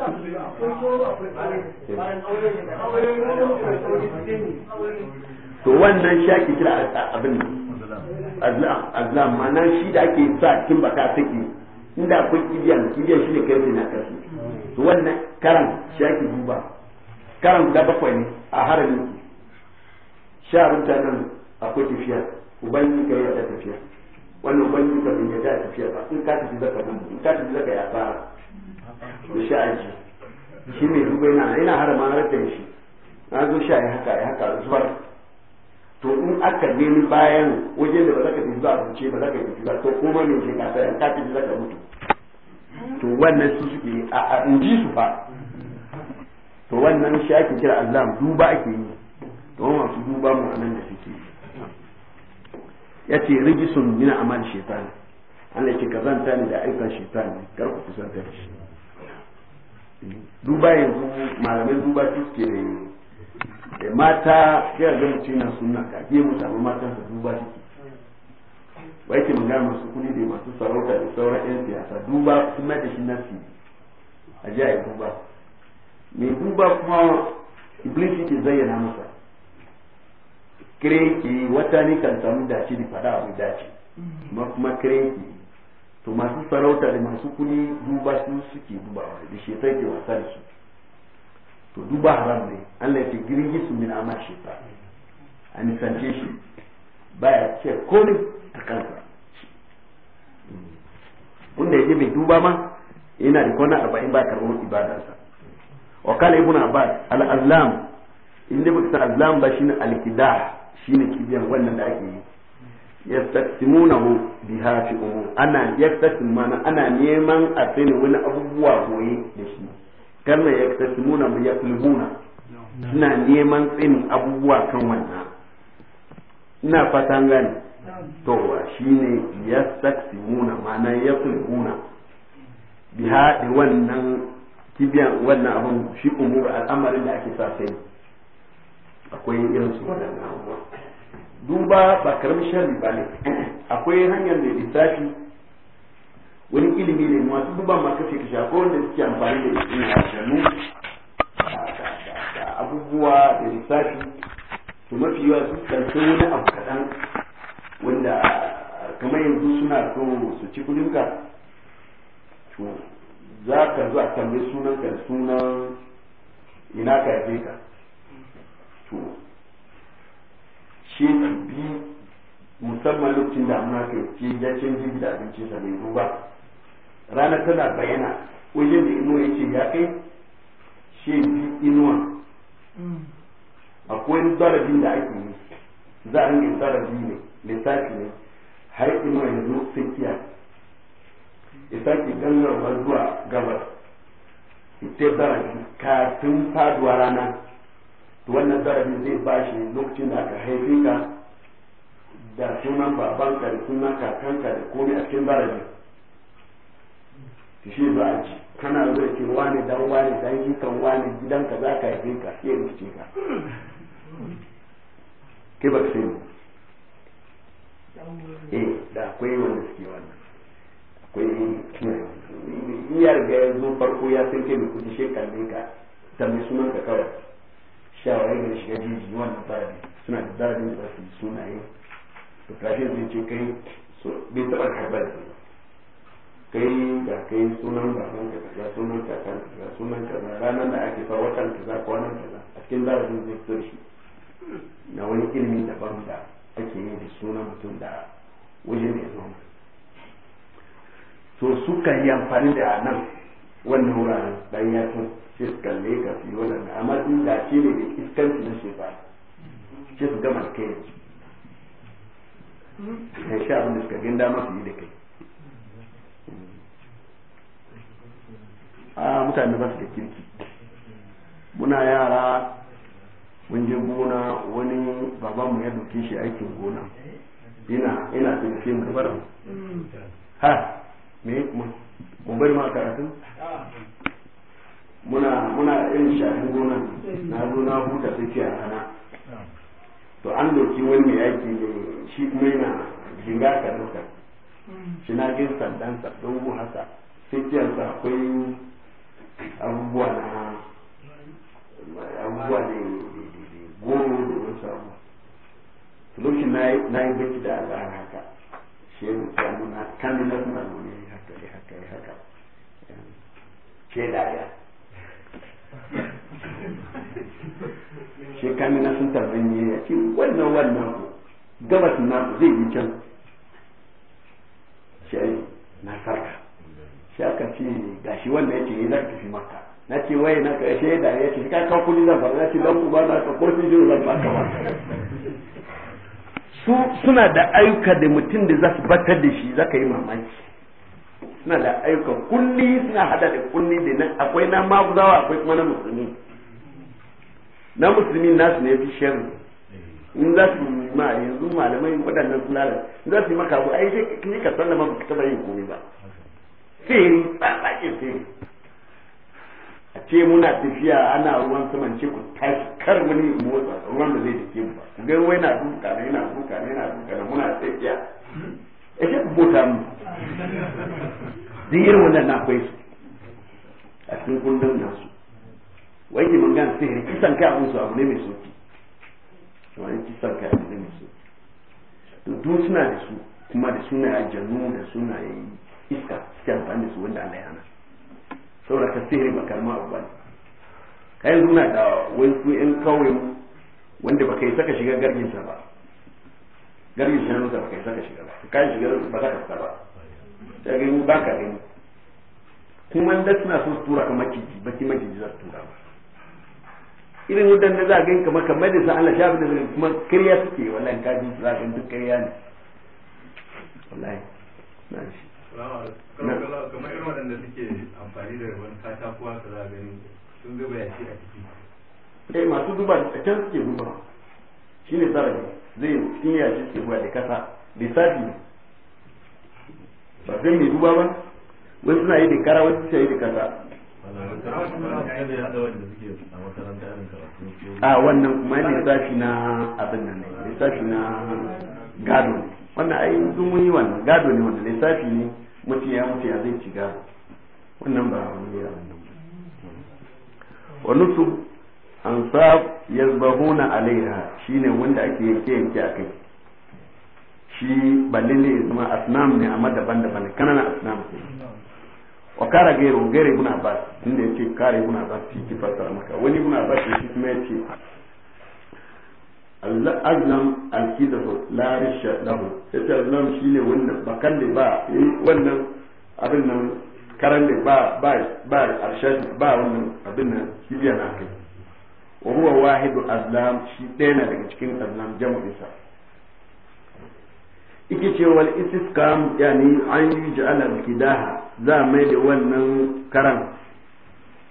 da to wannan shi ake kira abin azlam azlam ma'ana shi da ake sa cikin baka take inda akwai kibiyan kibiyan shi ne karfe na karfe to wannan karan shi ake duba karan guda bakwai ne a harin sha rubuta nan akwai tafiya ubangiji ka yana da tafiya wannan ubangiji ka bai tafiya ba in ka tafi zaka ka tafi zaka ya fara shi mai duba yana yana harama shi na zo a yi haka ya haka zubar to in aka nemi bayan da ba za ka tafi ba a ba za ka tafi ba to kuma ne ke kasa in ka tafi za mutu to wannan su suke a in ji su ake kira Allah duba ake yi to duba mu nan da ya ce rijisun min amal shaitan Allah ce kazanta ne da aikan shaitan ne kar ku kusa da shi duba yanzu malamai duba suke da mata ya ga mutum na sunna ka biye mu samu mata su duba suke wai yake magana masu kuli da masu sarauta da sauran yan siyasa duba sun mai da shi nasi a ji duba mai duba kuma iblis yake zayyana masa kireki wata ne kan samu dace da fada abu dace ma kuma kireki to masu sarauta da masu kuli duba su suke dubawa da shetai ke wasa da su to duba haram ne Allah ya ce girgi su min amma shefa a nisance shi baya ce komai a kansa wanda ya je mai duba ma yana da kwana arba'in ba karɓar ibadarsa wa kala ibn abbas al-azlam inda baka san azlam ba shine al-kidah shine kibiyan wannan da ake yi yastaqsimunahu biha fi umur ana yastaqsim mana ana neman a sani wani abubuwa goye da shi kamar yastaqsimuna mu yatlubuna suna neman tsin abubuwa kan wannan ina fatan gani to wa shine yastaqsimuna mana yatlubuna biha da wannan kibiyan wannan abun shi umur al'amarin da ake sa sai akwai irin su waɗannan abubuwa duba ba karamin sharri ba ne akwai hanyar da lissafi wani ilimi ne masu duba ma kace kashe ko wanda suke amfani da ilimi a shanu da abubuwa da lissafi su mafi yawa su ɗauke wani abu kaɗan wanda kuma yanzu suna so su ci kudinka to za ka zo a tambayi sunan ka sunan ina ka je ka to shi bi musamman lokacin da amma ke ce ya canji da abincin sa bai duba rana bayana bayyana wajen da inuwa yake ya kai shi bi inuwa akwai zarabin da ake yi za a rinka zarabi ne lissafi ne har inuwa yanzu tsakiya ya ki gangarwa zuwa gabas ita zarabi kafin faduwa rana wannan zarafin zai ba shi lokacin da aka haife ka da sunan babanka da sunan kakanka da komai a cikin zarafi shi za a ci kana zai ce wani dan wani dan jikan wani ka za ka haife ka sai rikice ka ke ba ka sai eh da akwai wanda suke wannan akwai iyar ga yanzu farko ya sai ke mai kudi shekar ne ka tambayi sunan ka kawai Shawarar da shiga jiji wannan zarabi suna da zarabin da su sunaye to kafin sai ce kai bai taɓa karɓar su kai ga kai sunan baban ka kaza sunan kakan kaza sunan kaza ranar da ake fa watan kaza kwanan kaza a cikin zarabin zai fito shi na wani ilimi daban da ake yi da sunan mutum da wajen da ya zo to suka yi amfani da nan wannan wuraren dan ya san sai su kalle ka fi yi wannan amma in da ce ne da iskanci na ba sai su gama kai ne ya sha abin da suka gin dama su yi da kai a ah, mutane ba su da kirki muna yara mun je gona wani babanmu ya doke shi aikin gona ina ina tsinke mu ha me kuma mun bari ma karatu muna muna irin shafin gona na zo na huta tsakiya a rana to an doki wani yaki ne shi kuma yana jinga ka duka shi na gin sandansa dogo haka tsakiyarsa akwai abubuwa na abubuwa ne goro da wasu abu lokacin na yi baki da al'ada haka shehu ta kan nuna suna nuna haka ya haka ya haka ke dariya shi kan nuna sun tarbin ne ya ce wannan wannan ku gabas na ku zai yi can shehu na sarka shi aka ce ga shi wannan ya ce ya zaka tafi maka na ce waye na ka ya ce ya ce ka kawo kuli zan faɗa na ce dan uba na ka kurfin jiru zan baka ba su suna da ayyuka da mutum da za su batar da shi za ka yi mamaki suna da ayyuka kulli suna hada da kulli da nan akwai na maguzawa akwai kuma na musulmi na musulmi nasu ne fi sharri in za su yi ma yanzu malamai waɗannan su lalata in za su yi maka abu ai sai ka sallama ba ka taɓa yin komai ba sai tsatsakin sai ce muna tafiya ana ruwan saman ce ku taskar wani motsa ruwan da zai dake mu ba ku ga wai na duka ne na duka ne na duka ne muna tsakiya ya eh, ce ku bota mu duk wannan na kai su a cikin kundin nasu wai ki mun gane sihiri kisan kai abun su abu ne mai soki wani kisan kai abu ne mai soki to duk suna da su kuma da suna janu da suna iska suke amfani da su wanda Allah ya hana saboda ka sihiri ba karma abu bane kai muna da wani su yan kauye wanda baka yi saka shiga garginsa ba ba gargin sa ba yi saka shiga ba kai shiga ba za ka fita ba sai ga ba ka gani kuma da suna so su tura makiji ba ki makiji za su tura ba irin wudan da za a gani kamar kamar da sa Allah shafi da zai kuma kariya suke wallahi kaji za ka duk kariya ne wallahi na shi kamar irin waɗanda suke amfani da wani katako haka za a gani sun zuba yashi a ciki eh masu zuba a can suke zuba shi ne tsara zai cikin yashi suke zuba da kasa lissafi ba zai mai duba ba wani suna yi da kara wasu suna yi da kasa a wannan kuma lissafi na abin nan lissafi na gado wannan ai sun yi wannan gado ne wannan lissafi ne mutu ya mutu ya zai ciga wannan ba wani ya wannan wa nusu ansab yazbahuna alaiha shine wanda ake yanke yanke kai shi balle ne zama asnam ne amma daban-daban kananan asnam ne wa kara gairu gairu ibn abbas inda ce kare ibn abbas shi ki fassara maka wani ibn abbas shi kuma ce. al'azlam alkidahu la risha lahu ita azlam shine wannan bakan da ba eh, wannan abin nan karan da ba ba ba ba wannan abin nan kibiya na kai wa huwa wahidu azlam shi ɗaya na daga cikin azlam jama'in sa ike ce wal istiskam yani an yi ja'ala alkidaha za mai da wannan karan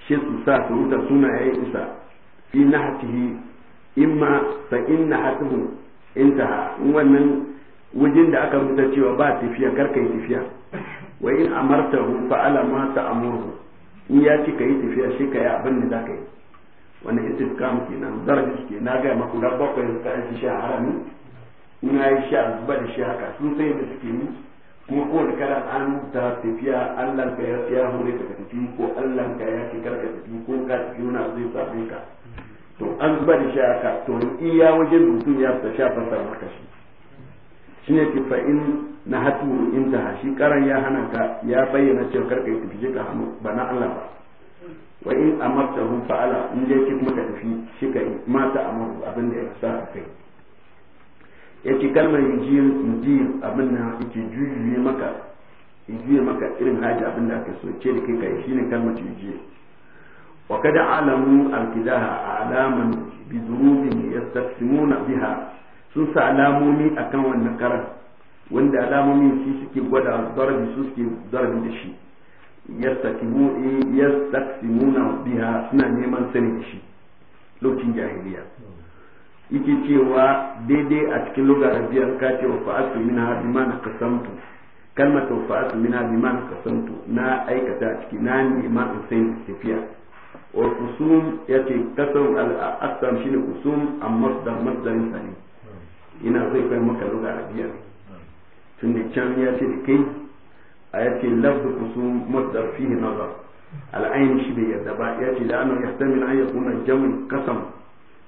shi su sa su rubuta sunayen isa fi nahatihi imma fa inna hatmu intaha wannan wajen da aka rubuta cewa ba tafiya kar tafiya wa in amartahu fa ala ma ta'muru in ya ci kai tafiya shi kai abin da zaka yi wannan istiqam kenan darbi ke na ga maku da bakwai da kai shi harami in yi sha zuba da shi haka sun sai da suke yi kuma ko da kada an ta tafiya Allah ka ya hore ka tafi ko Allah ka ya ki karka tafi ko ka tafi wani zai sabe ka to an zuba da shi haka to iya wajen mutum ya fita shafa sa maka shi shi ne ke fa'in na hatu in ta shi karan ya hana ka ya bayyana cewa karka yi tafi ka hannu ba na Allah ba wa in amarta hu fa'ala in dai ki kuma ka tafi shi ka yi mata amaru abin da ya sa ka kai ya ce kalmar yujiyar yujiyar abin na yake juyuye maka maka irin haji abin da aka so ce da kai shi ne kalmar yujiyar وقد علموا ابتداها علاما بذنوب يستقسمون بها sun sa alamomi a kan wannan karan wanda alamomin shi suke gwada darbi su suke darbi da shi yastaqsimuna biha suna neman sani da shi lokacin jahiliya yake cewa daidai a cikin lugar biyar ka ce wa fa'atu min ha na kasamtu kalmar wa fa'atu min ha na kasamtu na aikata a ciki na neman in sai tafiya wa kusum yace kasam al shine kusum amma da masdarin sa ne ina zai kai maka lugha arabiya tun da can ya ce da kai a yace lafzu kusum masdar fihi nazar al-ayn shi bai yadda ba yace da annahu yahtamil an yakuna jam'u kasam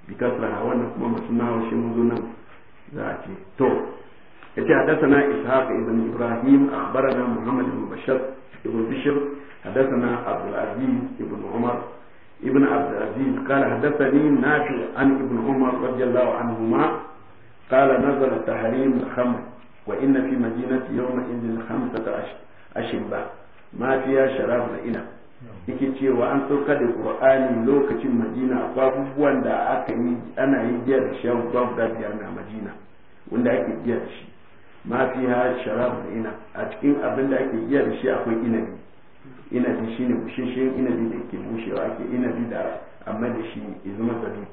bi kasraha wannan kuma masna wa shi mun zo nan za a ce to yace hadathana ishaq ibn ibrahim akhbarana muhammad ibn bashar ibn bishr حدثنا عبد العزيز ابن عبد العزيز قال حدثني نافع عن ابن عمر رضي الله عنهما قال نزل تحريم الخمر وإن في مدينة يومئذ خمسة أشبة ما فيها شراب الإنب yake cewa an sauka da qur'ani lokacin madina akwai abubuwan da aka yi ana yi biya da shi abubuwa guda biyar na madina wanda ake biya da shi ma fi ha sharabu da ina a cikin abin da ake biya da shi akwai inabi inabi shine busheshen inabi da ke bushewa ke inabi da amma da shi izuma zama sadu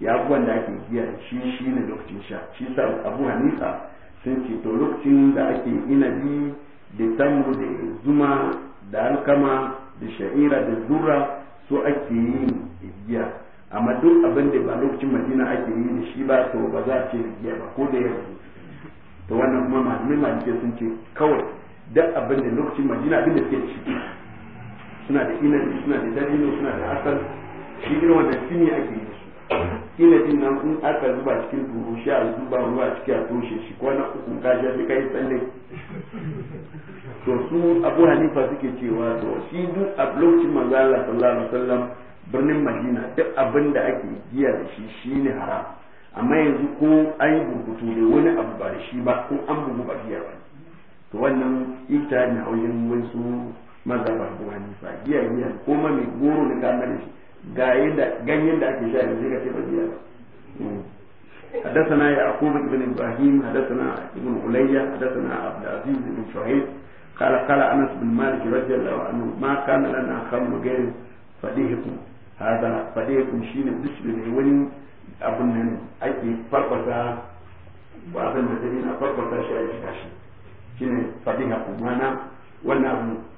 ya abubuwan da ake giya shi shi ne lokacin sha shi sa abu hanifa sun ce to lokacin da ake inabi da tamu da zuma da alkama da sha'ira da zura so ake yin giya amma duk abin da ba lokacin madina ake yi da shi ba to ba za a ce giya ba ko da yanzu to wannan kuma malamai malamai sun ce kawai duk abin da lokacin madina abin da suke shi suna da inabi suna da dalilo suna da asal shi irin wanda sini ake yi su inabin nan in aka zuba cikin duhu shi a zuba ruwa ciki a toshe shi na uku ja sai kai tsalle to su abu hanifa suke cewa to shi duk a lokacin manzo Allah sallallahu alaihi wasallam birnin madina duk abin da ake giya da shi shine haram amma yanzu ko an yi burkutu ne wani abu ba shi ba ko an bugu ba giya ba to wannan ita na wajen wasu mazhaba ko hanifa giya ne ko ma mai goro ne ga nan ga yadda ganyen da ake shayar yanzu ga ce ba giya حدثنا يعقوب بن ابراهيم حدثنا ابن علي حدثنا عبد العزيز بن شعيب قال قال انس بن مالك رضي الله عنه ما كان لنا خمر غير فديهكم هذا فديهكم شين بسم العون abin nan ake farfasa ba abin da zai na farfasa shi a jika shi shi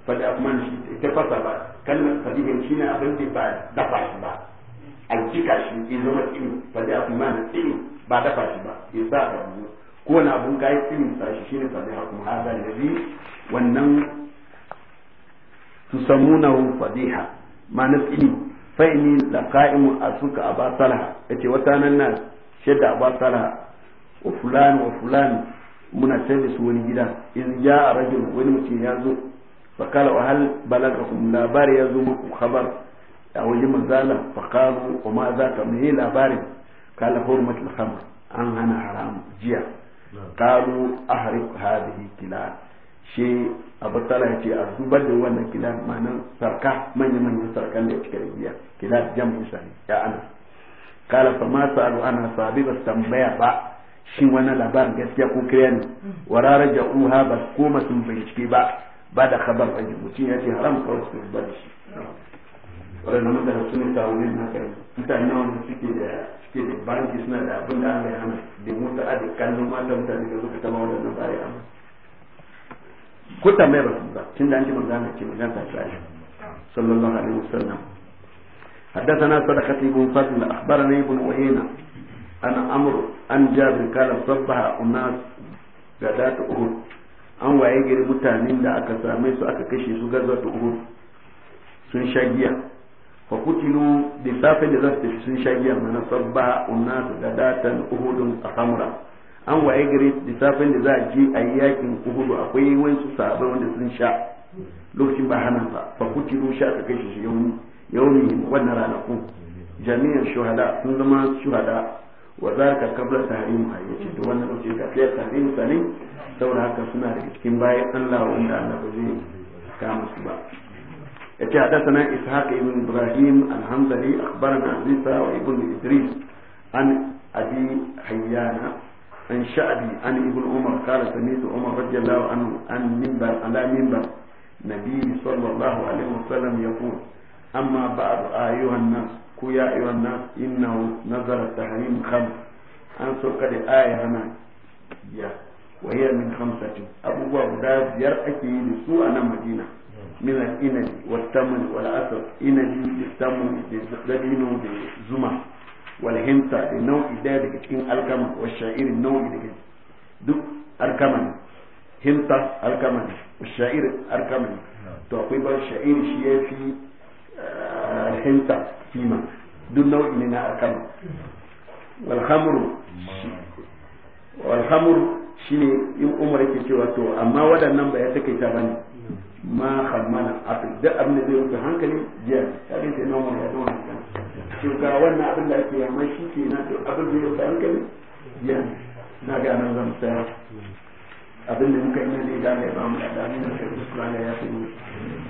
fada man shi ta fasa ba kalmar sabihin shi ne abin da ba dafa shi ba an cika shi ya zama tsini fada man tsini ba dafa shi ba ya sa ka mu ko na abun kai tsini sa shi shine fada hakum hada nabi wannan tusammunahu fadiha ma'ana tsini fa inni laqa'imu asuka aba salaha yace wata nan na a ba salaha wa fulan wa fulan muna tare su wani gida in ja a rajul wani mutum ya zo فقال وهل hal balagakum labari ya zo muku khabar a wajen manzala fakaru wa ma za ka mai labarin kala hurmat al-khamr an hana haram jiya shi abu ya ce a zubar da wannan kilal ma'anar sarka manya-manyan sarkan da cike da giya kilal jam'u sani ya ana kala fa ma sa'alu ana sabi ba tambaya ba shin wani labarin gaskiya ko kiriya ne warara ba koma sun bincike ba بعد خبر عن جبوتي ياتي هرم فرس في البلد الشيء ولن نمت على سنة تعويل مثلا انت انهم سكيد سكيد بانك اسمه ده ابن ده عمي عمي دي موتا عادي كان نوما ده دي كذوك تماما ده نباري عمي كنت امير رسول الله كنت انت من ذلك كنت صلى الله عليه وسلم حدثنا صدقة ابن فاطمة اخبرني ابن وهينا انا امر ان جابر قال صبح اناس بدات اهود an waye gari mutanen da aka same su aka kashe su gaza da uhud sun sha giya fa kutilu da safin da za su tafi sun sha giya mana sabba unna su datan uhudun a an waye gari da safin da za a je a yi yakin uhudu akwai wasu sahabai wanda sun sha lokacin ba hanan fa fa kutilu sha aka kashe shi yau ne wannan ranakun jami'an shuhada sun zama shuhada wa ka qabla tahrim ha yace to wannan ce ka fiye tahrim sa ne saboda haka suna da cikin bayan Allah wanda Allah ba zai kama su ba yace hadathana ishaq ibn ibrahim al-hamdali akhbarana isa wa ibn idris an abi hayyana an an ibn umar qala sami'tu umar radiyallahu anhu an minbar ala minbar nabi sallallahu alaihi wasallam amma ba'd ayuha an ku ya ayyuhan nas inna nazara tahrim kham an sauka da aya hana ya wa hiya min khamsatin abubuwa guda biyar ake yi da su a nan madina min al-inab wal tamr wal asr inabi da da dabino da zuma wal hinta da nau'i daya daga cikin alkama wa sha'ir nau'i daga duk alkama hinta alkama wa sha'ir alkama to akwai ba sha'ir shi yafi hinsa kima duk nau'i ne na akama walhamuru walhamuru shine in umar yake cewa to amma waɗannan ba ya take ta bane ma khammana afi da abin da zai rufe hankali jiya ta ga sai ya zama shi ga wannan abin da ake amma shi ke na to abin da rufe hankali jiya na ga nan zan tsaya yi ne da da da ya